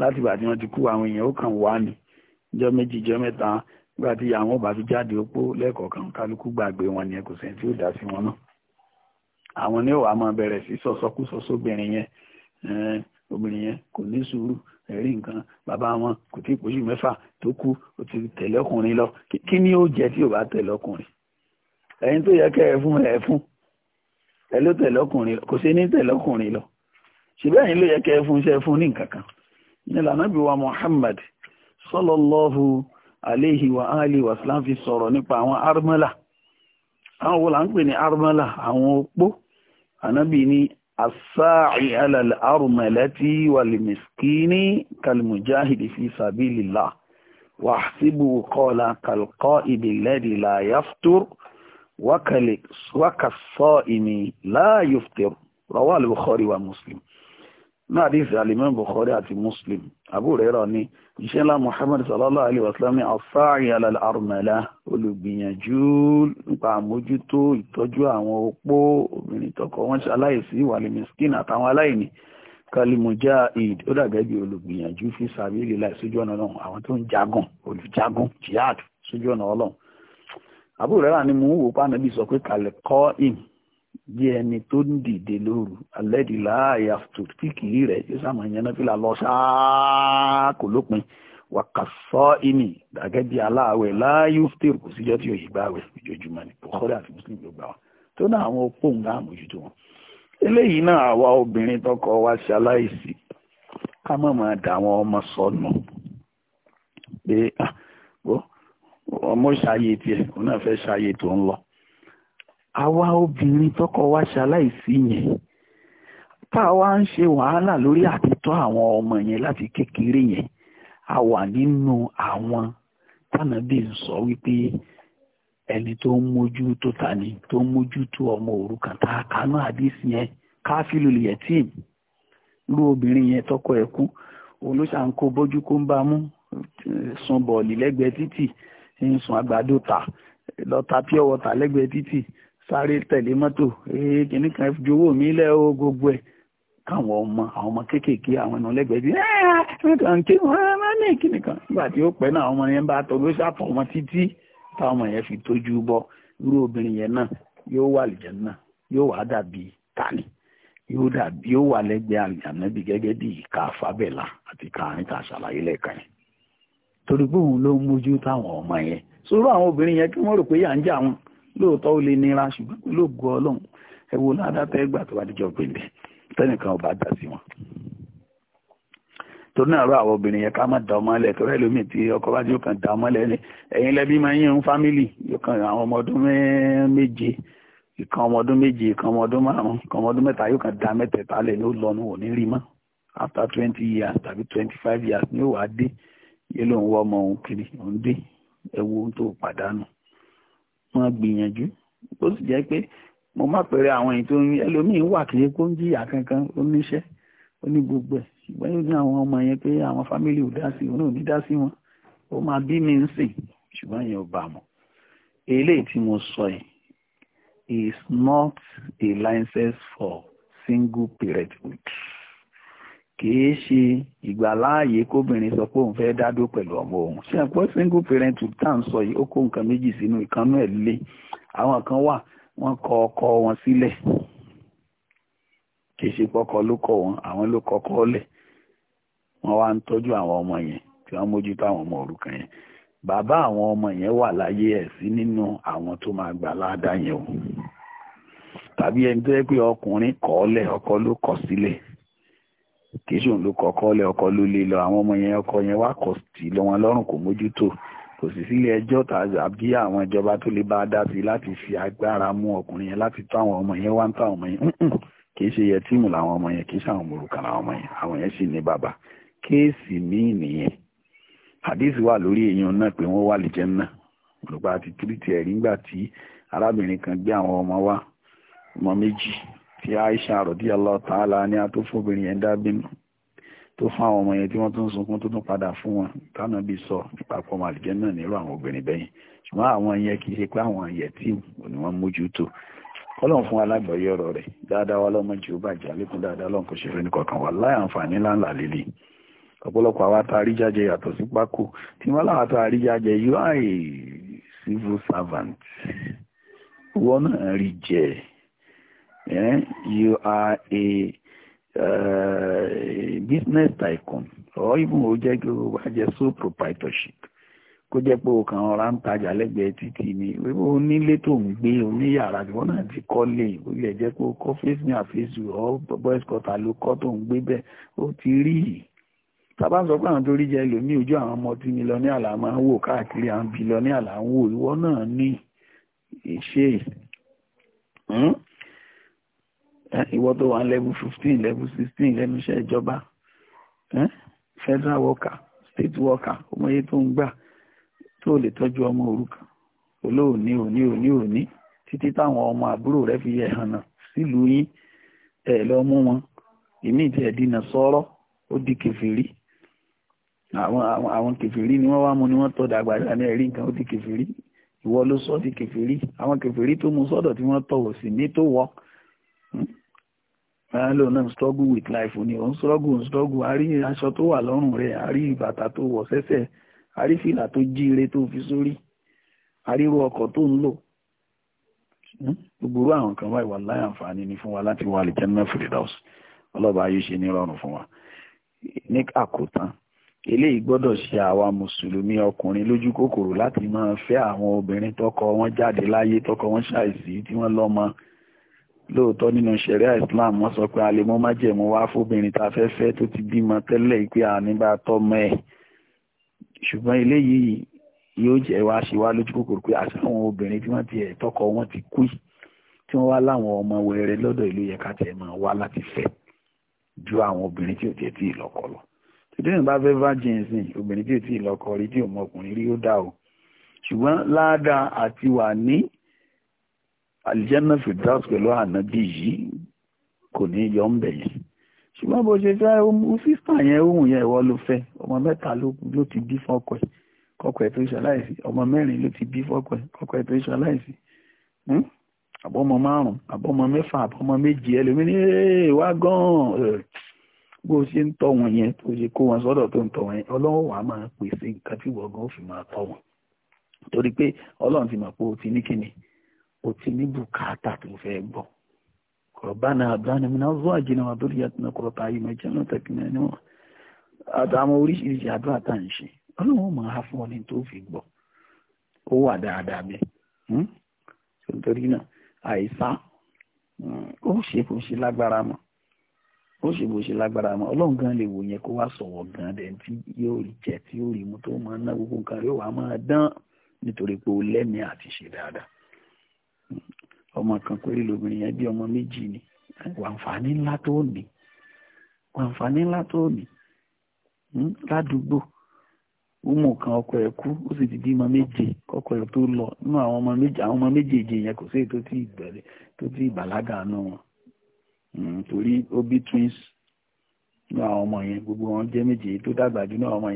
S1: láti ìgbà tí wọ́n ti kú àwọn èèyàn ó kàn wá ní jọ́ méjì jọ́ mẹ́ta nígbà tí àwọn ọba fi jáde opó lẹ́ẹ̀kọ̀ọ̀kan kálukú gbàgbé wọn ni kò sẹ́ni tí ó dá sí wọn náà àwọn ní òwà máa bẹ̀rẹ̀ sí sọ̀sọ́kúsọ sóbìnrin yẹn obìnrin yẹn kò ní sùúrù ẹ̀rí nǹkan bàbá wọn kò tí ì pójú mẹ́fà tó kú ó ti tẹ̀lé ọkùnrin lọ kí ni ó jẹ tí ò bá tẹ̀lé ọkùnrin ẹ̀yin tó yẹ kẹ́ ẹ fún ẹ fún ẹ ló tẹ̀lé ọkùnrin lọ kò sí ní tẹ̀lé ọkùnrin lọ ṣùgbọ́n ẹ̀yin ló yẹ kẹ́ ẹ fún iṣẹ́ fún ní nǹkan kan ní lànàbí wa Muhammad sallallahu alayhi wa alihi wa sallam fi sọ̀rọ̀ nípa àwọn armala àwọn wo là ń pè ní armala àwọn opó ànábì ní asáàì alal armalati wal miskini kalmujahidi fi sabilillah wàhsíbù kọ́lá kàlùkọ́ ìbìlẹ́dì láyáftúr wákàsọ́ ìmì láyúftúr rọwà al-Bukhari Muslim náà àdìsí alimọ́n bukhari àti muslim abu rẹ́rọ ni iṣẹ́ ńlá muhammad sallallahu alayhi wa sallam asaari alal armala olùgbìyànjú nípa àmójútó ìtọ́jú àwọn opó obìnrin tọkọ wọn aláìsí wàlẹ̀ miskin àtàwọn aláìní kalimuja eid ó dàgẹ́ bí olùgbìyànjú fi sàbílì láì sójú ọ̀nà ọlọ́run àwọn tó ń jagun olùjagun jihad sójú ọ̀nà ọlọ́run abu rẹ́rọ ni mo wò pa sọ pé kàlẹ́ kọ́ ìn bí ẹni tó ń dìde lóru alẹ́dìlá àyàfò kíkìrí rẹ̀ yóò sàmọ̀ ìyẹn fìlà lọ ṣáá kò lópin wàkàsọ́ ìní gàgẹ́ bí aláàwẹ̀ láàyò fìtè kò síjọ́ tí òyì gbà wẹ̀ ojoojúmọ́ ni bukhari àti muslim ló gbà wọn tó náà àwọn opó ń gá àmójútó wọn. eléyìí náà àwa obìnrin tọkọ wa ṣe aláìsí ká má máa dà àwọn ọmọ sọnù pé ah, ọmọ ṣàyè tiẹ̀ òun náà fẹ́ ṣàyè tó ń lọ awa obìnrin tọkọ wa ṣaláìsí yẹn tá a wá ń ṣe wàhálà lórí àtìtọ́ àwọn ọmọ yẹn láti kékeré yẹn a wà nínú àwọn tánàbí ń sọ wípé ẹni tó ń mójú tó ta ni tó ń mójú tó ọmọ tá a kà náà àdìsí yẹn káfílù irú obìnrin yẹn tọkọ kú òun pure water lẹ́gbẹ̀ẹ́ títì sáré tẹ̀lé mọ́tò ee kìnnì kan jowó mi lẹ́ o gbogbo ẹ̀ káwọn ọmọ àwọn ọmọ kéékèèké àwọn ẹ̀nà lẹ́gbẹ̀ẹ́ bí ẹ́ẹ́ kàn kí wọ́n á ní kìnnì kan nígbà tí ó pẹ́ náà àwọn ọmọ yẹn bá tọ́ ló ṣàtọ̀ ọmọ títí táwọn ọmọ yẹn fi tójú bọ́ irú obìnrin yẹn náà yóò wà náà yóò wà dàbí tani yóò dàbí yóò wà gẹ́gẹ́ lóòótọ́ ó lè nira ṣùgbọ́n pẹ̀lú ògo ọlọ́run ẹ wo ládàtẹ́ ẹgbà tó bá díjọ́ gbèndé tẹ́nìkan ọba dá sí wọn. torí náà rọ àwọn obìnrin yẹn ká má da ọmọ ẹlẹ torí ẹlòmíì tí ọkọ bá yóò kàn da ọmọ ẹlẹ ẹ̀yin lẹbi máa ń yẹn fámìlì yóò kàn àwọn ọmọ ọdún méje ìkan ọmọ ọdún méje ìkan ọmọ ọdún márùn ìkan ọmọ ọdún mẹ́ta yóò kàn da mẹ́tẹ̀ẹ̀ta lẹ ní ó lọnu ò ní rí mọ́ after twenty years tàbí twenty five years ni ó wàá dé yẹ lóun wọ ọmọ òun kiri òun dé ẹ wo ohun tó pàdánù wọn gbìyànjú ó sì jẹ́ pé mo má pẹ̀rẹ̀ àwọn èyí tó ń ẹlòmíín wà kí kó ń jìyà kankan oníṣẹ́ oní gbogbo ẹ̀ ṣùgbọ́n yóò ní àwọn ọmọ yẹn pé àwọn fámìlì ò dá sí òun ò ní dá sí wọn ó máa bí mi ń sìn ṣùgbọ́n yẹn ò bá mọ̀ eléyìí tí mo sọ yìí is not a license for single parenthood. kìí ṣe ìgbàláàyè kóbìnrin sọ pé òun fẹ́ dádó pẹ̀lú ọmọ òun ṣe àpò single parent tá à sọ yìí ó kó nǹkan méjì sínú ìkanú ẹ̀ lé àwọn kan wà wọ́n kọ ọkọ wọn sílẹ̀ kìí ṣe pọkọ ló kọ wọn àwọn ló kọkọ lẹ̀ wọ́n wá ń tọ́jú àwọn ọmọ yẹn tí wọ́n mójútó àwọn ọmọ òrukàn yẹn bàbá àwọn ọmọ yẹn wà láyé ẹ̀ sí nínú àwọn tó máa gbà ládàá yẹn o tàbí ẹni tó yẹ pé ọkùnrin kọ́ lẹ̀ ọkọ ló kọ sílẹ̀ kìí ṣòun ló kọ́kọ́ lé ọkọ ló lé lọ àwọn ọmọ yẹn ọkọ yẹn wá kọ̀ sí lọ́wọ́ lọ́rùn kò mójútó kò sì sílé ẹjọ́ tàbí àwọn ìjọba tó lè bá a dá sí láti fi agbára mú ọkùnrin yẹn láti tó àwọn ọmọ yẹn wá ń tó àwọn ọmọ yẹn kìí ṣe yẹtíìmù làwọn ọmọ yẹn kìí ṣàwọn òrukàn làwọn ọmọ yẹn àwọn yẹn sì ní bàbá kéèsì míì nìyẹn hadith wà lórí èèyàn náà pé wọ́n wà lè jẹ́ náà olùgbà àti tírítì ẹ̀rí ńgbà tí arábìnrin kan gbé àwọn ọmọ wá ọmọ méjì tí Aisha radiyallahu ta'ala ní atófóbìnrin yẹn dábínú tó fún àwọn ọmọ yẹn tí wọ́n tún sunkún tó tún padà fún wọn tánà bí sọ papọ̀ màlìjẹ́ náà nírú àwọn obìnrin bẹ́yìn ṣùgbọ́n àwọn yẹn kì í ṣe pé àwọn yẹn tí ò ní wọ́n mójútó ọlọ́run fún alágbọ̀yé ọ̀rọ̀ rẹ̀ dáadáa wa lọ́mọ jù bàjẹ́ àlékún dáadáa ọlọ́run kò ṣe fẹ́ ní kọ̀ọ̀kan wà láì àǹfààní ńláńlá lélẹ̀ ọ̀pọ̀lọpọ̀ àwa tá a rí jájẹ yàtọ̀ sí pákó tí wọ́n láwa tá a rí jájẹ you are a civil servant wọ́n náà rí jẹ́ Yeah, you are a uh, business tycoon or even o jẹ́ kí o wá jẹ́ sole proprietorship kó jẹ́ pé o kàn ọ̀rá ń tajà lẹ́gbẹ̀ẹ́ títì ni o nílé tó ń gbé o ní yàrá tí wọ́n náà ti kọ́ lé o lè jẹ́ pé o kọ́ face me àfẹ́sù ọ boys quarter ló kọ́ tó ń gbé bẹ́ẹ̀ o ti rí yìí tàbá sọ pé àwọn tó rí jẹ lòmí ojú àwọn ọmọ tí mi lọ máa ń wò káàkiri àwọn bí lọ ń wò ìwọ náà ní ìṣe ìwọ tó wà level fifteen level sixteen lẹ́nu iṣẹ́ ìjọba federal worker state worker ọmọye tó ń gbà tó lè tọ́jú ọmọ òrukàn olóòní òní òní òní títí táwọn ọmọ àbúrò rẹ fi yẹ hànà sílùú yín ẹ lọ mú wọn ìmí ìtì ẹ̀dínà sọ́rọ́ ó di kẹfìrí àwọn àwọn àwọn kẹfìrí ni wọ́n wá mú ni wọ́n tọ́ dàgbà ní ẹ̀rí nǹkan ó di kẹfìrí ìwọ ló sọ di kẹfìrí àwọn kẹfìrí tó mú sọ́dọ̀ tí wọ́n tọ̀wọ̀ sí ní tó wọ́ láàrín náà struggle with life ni òun struggle òun struggle a rí aṣọ tó wà lọ́rùn rẹ̀ a rí bàtà tó wọ̀ sẹ́sẹ̀ a rí fìlà tó jíire tó fi sórí a ríro ọkọ̀ tó ń lò hmm? gbogbo àwọn kan wáyé wà láyé àǹfààní ni fún wa láti wà lè jẹ́nà Firdaus ọlọ́ba ayé ṣe ní rọrùn fún wa ní àkótán eléyìí gbọ́dọ̀ ṣe àwa mùsùlùmí ọkùnrin lójú kòkòrò láti máa fẹ́ àwọn obìnrin tọkọ wọn jáde láyé tọkọ wọn ṣàìsí tí wọ́n lọ́mọ lóòótọ́ nínú ṣẹ̀ríà Islam wọ́n sọ pé a lè mú májẹ̀mú wá fóbìnrin tá a fẹ́ fẹ́ tó ti bímọ tẹ́lẹ̀ pé àní bá tọ́mọ ẹ̀ ṣùgbọ́n eléyìí yóò jẹ́ wá ṣe wá lójú kòkòrò pé àṣà àwọn obìnrin tí wọ́n ti ẹ̀ tọkọ wọn ti kú tí wọ́n wá láwọn ọmọ wẹrẹ lọ́dọ̀ ìlú yẹ ká tiẹ̀ máa wá láti fẹ́ ju àwọn obìnrin tí ò tiẹ̀ tí lọ́kọ lọ títí nígbà fẹ́ virgin sin obìnrin tí ò tí lọ́kọ rí tí ò rí ó dá o ṣùgbọ́n láàdá àti wà ní àlìjẹ́nà fìdáàs pẹ̀lú ànábì yìí kò ní yọ ń bẹ̀ yìí ṣùgbọ́n bó ṣe fẹ́ mú sísà yẹn òun yẹn ìwọ ló fẹ́ ọmọ mẹ́ta ló ti bí fọ́kọ ẹ̀ kọ́kọ́ ẹ̀ tó ṣaláìsí ọmọ mẹ́rin ló ti bí fọ́kọ ẹ̀ kọ́kọ ẹ̀ tó ṣaláìsí hmm? àbọ̀mọ márùn-ún àbọ̀mọ mẹ́fà àbọ̀mọ méje ẹlòmíní wá gan-an eh, bó ṣe ń tọ́ wọn yẹn tó ṣe kó wọn sọ́dọ̀ tó ń tọ́ wọn yẹn ọlọ́run wàá máa pèsè nǹkan tí wọ́n gan fi máa tọ́ wọn torí pé ọlọ́run ti mọ̀ pé ó ní kíni ó ti ní bùkátà tó fẹ́ gbọ́ kọ̀ọ̀bánà àbáni mi náà zọ́ àjìnà wà lórí àtúnà kọ̀ọ̀bá yìí mọ̀ jẹ́ náà tẹ̀kínà ni wọ́n àtàwọn oríṣiríṣi àdúrà tá à ń ṣe ọlọ́run mọ̀ á fún ọ ní tó fi gbọ́ ó wà dáadáa bẹ́ẹ̀ hmm? nítorí náà àìsá ó ṣe kò ṣe lágbára mọ́ ó ṣe bó ṣe lágbára mọ́ ọlọ́run gan lè wò yẹn kó wá sọ̀wọ́ gan dẹ̀ tí yóò rí tí yóò rí mu tó máa ná gbogbo nǹkan rẹ̀ ó wà máa dán nítorí pé ó lẹ́mìí àti ṣe dáadáa ọmọ kan péré lóbìnrin yẹn bí ọmọ méjì ni wàǹfààní ńlá tó ní wàǹfààní ńlá tó ní hmm? ládùúgbò umu kan ọkọ ẹ̀ kú ó sì ti bímọ méje kọkọ ẹ̀ tó lọ nínú àwọn ọmọ méje àwọn ọmọ yẹn kò sí tó ti ìbẹ̀rẹ̀ tó ti ìbàlágà nù wọn hmm? torí gbogbo wọn méje tó dàgbà jù nínú àwọn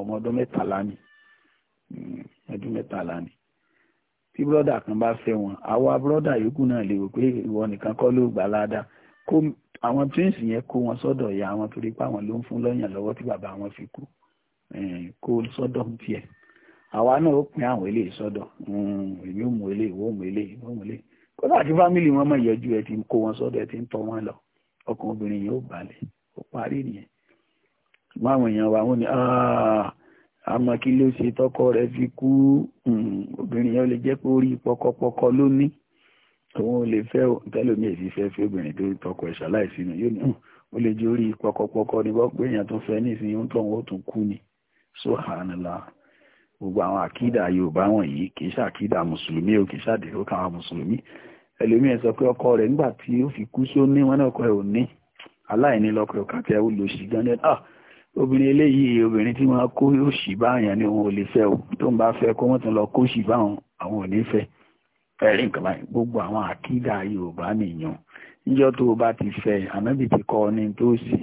S1: ọmọ yẹn ni hmm? ọdún ni tí bọ́dà kan bá fẹ́ wọn àwa bọ́dà yòókù náà lè rò pé ìwọ nìkan kọ́ ló gbà ládàá kó àwọn twins yẹn kó wọn sọ́dọ̀ ìyá wọn torí pé àwọn ló ń fún lọ́yàn lọ́wọ́ tí bàbá wọn fi kú kó sọ́dọ̀ ń tiẹ̀ àwa náà ó pín àwọn eléyìí sọ́dọ̀ èmi ò mú eléyìí ìwọ mú eléyìí ìwọ mú eléyìí kódà tí fámìlì wọn mọ̀ yọjú ẹ ti kó wọn sọ́dọ̀ ẹ ti ń tọ́ wọn lọ ọkàn obìnrin yẹn ó balẹ̀ ó parí nìyẹn ṣùgbọ́n àwọn èèyàn wa wọn ni àmọ́ kí ló ṣe tọkọ rẹ̀ fi kú hmm, obìnrin yẹn ó lè jẹ́ pé ó rí pọkọpọkọ lónìí òun ò lè fẹ́ tẹ́lómi èsì fẹ́ fi obìnrin tó tọkọ ẹ̀ ṣaláìsí nù yóò ní hmm, ó lè jẹ́ orí pọkọpọkọ ni wọ́n pé èèyàn tó fẹ́ nísìnyí ń tọ̀hún ó tún kú ni sóhánilá gbogbo àwọn àkídà Yorùbá wọ̀nyí kì í ṣàkídà mùsùlùmí o kì í ṣàdéhó káwọn mùsùlùmí ẹlòmí sọ pé ọkọ rẹ̀ nígbà tí ó fi kú sí ó ní wọn náà ọkọ ẹ̀ ò ní aláìní lọkọ ẹ̀ kàkẹ́ ó lò sí gan-an obìnrin eléyìí obìnrin tí wọ́n kó òṣì báyàn ni òun ò lè fẹ́ o tó ń bá fẹ́ kó wọ́n tún lọ kó sì bá àwọn ò ní fẹ́ ẹ̀rí nǹkan báyìí gbogbo àwọn àkídà Yorùbá nìyàn níjọ́ tó o bá ti fẹ́ ànábì ti kọ ọ ní tó sì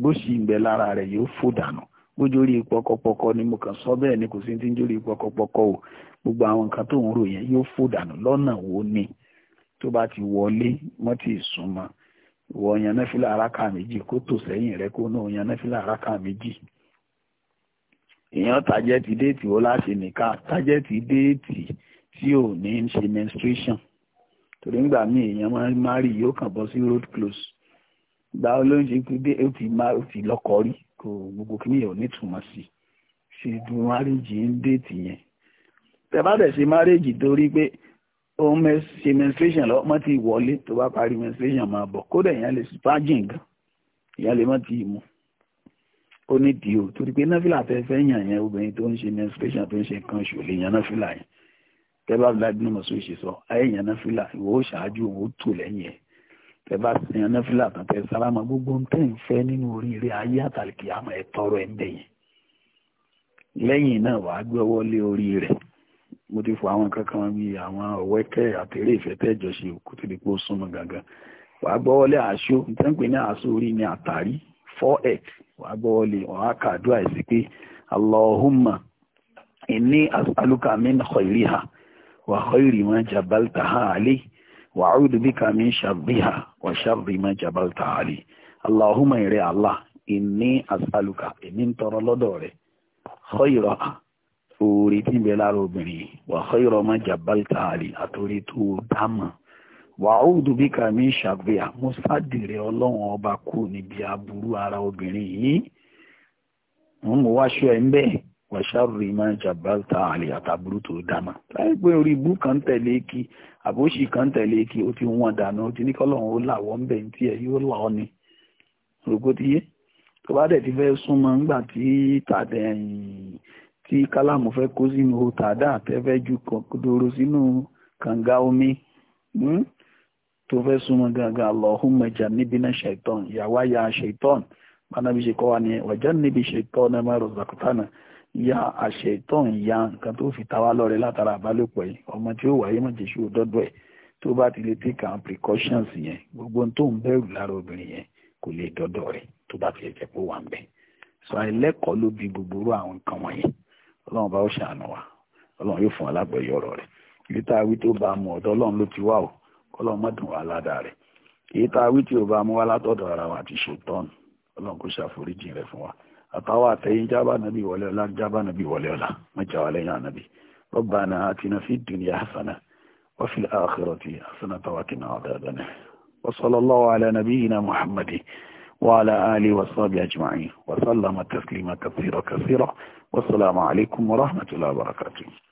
S1: bó sì ń bẹ lára yóò ni mo kàn sọ ni ti ń jórí o gbogbo àwọn nǹkan tó ń yẹn yóò fò dànù ni tó bá ti wọlé ti sùn ìwọ yan náfìlà araka méjì kó tò sẹ́yìn rẹ kó náà yan náfìlà araka méjì èèyàn tájẹ́tì déètì ó láṣẹ nìka tájẹ́tì déètì tí ò ní ń ṣe menstruation torí ńgbà míì èèyàn máa ń yóò kàn bọ́ sí road close gba olóúnjẹ pé dé ó ti má ó ti lọ́kọ rí kò gbogbo kí nìyẹn ò ní túmọ̀ sí ṣe dùn márìjì ń déètì yẹn tẹ bá dẹ̀ ṣe márìjì torí pé òun ṣe menstruation lọ ọmọ ti wọlé tó bá parí menstruation máa bọ̀ kódà èèyàn lè spagin gan èèyàn lè mọ́ ti mú ó ní di o torí pé náfìlà fẹ́fẹ́ yàn yẹn obìnrin tó ń ṣe menstruation tó ń ṣe kan ṣò lè yàn náfìlà yẹn tẹ́bá bíládínú mọ̀só ṣe sọ ayé yàn náfìlà ìwọ ó ṣáájú òun ó tò lẹ́yìn ẹ̀ yàn náfìlà tán tẹ́ sálámà gbogbo ń tẹ́ ń fẹ́ nínú oríire ayé àtàlìkì àmọ́ ẹ̀ tọrọ ẹ̀ ń bẹ̀yìn lẹ́yìn náà wàá gbé ọwọ́ mo ti fọ àwọn nǹkan kan bíi àwọn ọ̀wẹ́kẹ́ àtẹ̀rẹ́ ìfẹ́tẹ́jọṣe kó tó di pé ó súnmọ́ gangan wàá gbọ́wọ́lé àṣó ìtẹ́ǹpẹ́ ní àṣó orí ni àtàrí four eight wàá gbọ́wọ́lé wàá kàdúrà sí pé allahumma inni as'aluka min khairiha wa khairi ma jabaltaha alayhi wa a'udhu bika min sharriha wa sharri ma jabaltaha alayhi allahumma ìrẹ́ allah inni as'aluka èmi ń lọ́dọ̀ rẹ̀ khairaha oore tí ń bẹ lára obìnrin wà khayra ma jabbalta ali àtòrí tó dámọ̀ wà áwùdù bí kàmí ṣàgbéyà mo sádìrẹ ọlọ́run ọba kù níbi aburú ara obìnrin yìí mo mọ wáṣọ ẹ̀ ń bẹ̀ wà sharri ma jabbalta ali àtàbúrú tó dámọ̀ láì pé orí ibú kan tẹ̀lé kí àbóṣì kan tẹ̀lé kí ó ti wọ́n dànù ó ti ní kọ́lọ́run ó làwọ̀ ń bẹ̀ ní tiẹ̀ yóò là ọ́ ni rògbòdìyẹ tó bá dẹ̀ ti fẹ́ súnmọ́ ńgbà tí tàdẹ̀yìn tí kálámù fẹ́ kó sínú tàdá tẹ́fẹ́ ju kòdòrò sínú kànga omi hmm, tó fẹ́ súnmọ́ gangan Allahumma jannibna shaitan ìyàwó àyà shaitan bánábi ṣe kọ́ wa ní ọ̀já níbi shaitan náà máa razaqtana ya àṣetán ìyá nǹkan tó fi ta wá lọ́rẹ látara àbálòpọ̀ yìí ọmọ tí ó wáyé mọ̀jẹ̀ṣú òdọ́dọ̀ ẹ̀ tó bá ti lè take àwọn precautions yẹn gbogbo tó ń bẹ̀rù lára obìnrin yẹn kò lè dọ́dọ̀ rẹ̀ tó bá ti lè jẹ́ wà ń bẹ̀. sọ àìlẹ́kọ̀ọ́ ló bi gbogbo àwọn nǹkan wọ̀nyẹn ọlọ́run bá ó ṣàánú wa ọlọ́run yóò fún alágbẹ̀yọ ọ̀rọ̀ rẹ̀ èyí tá a wí tó bá a mú ọ̀dọ̀ ọlọ́run ló ti wá o kọ́lọ́run má dùn wá ládàá rẹ̀ èyí tá a wí tí ò bá a wá látọ̀dọ̀ ara wa àti ṣòtọ́n ọlọ́run kó ṣàforíjì rẹ̀ fún wa àtàwọn àtẹ̀yìn jábà nàbí wọlé ọlá jábà nàbí wọlé ọlá mẹ́jà wà lẹ́yìn ànàbí ربنا آتنا في الدنيا حسنة وفي الآخرة حسنة وقنا عذاب وصلى الله على نبينا محمد وعلى آله وصحبه أجمعين وسلم تسليما كثيرا كثيرا والسلام عليكم ورحمة الله وبركاته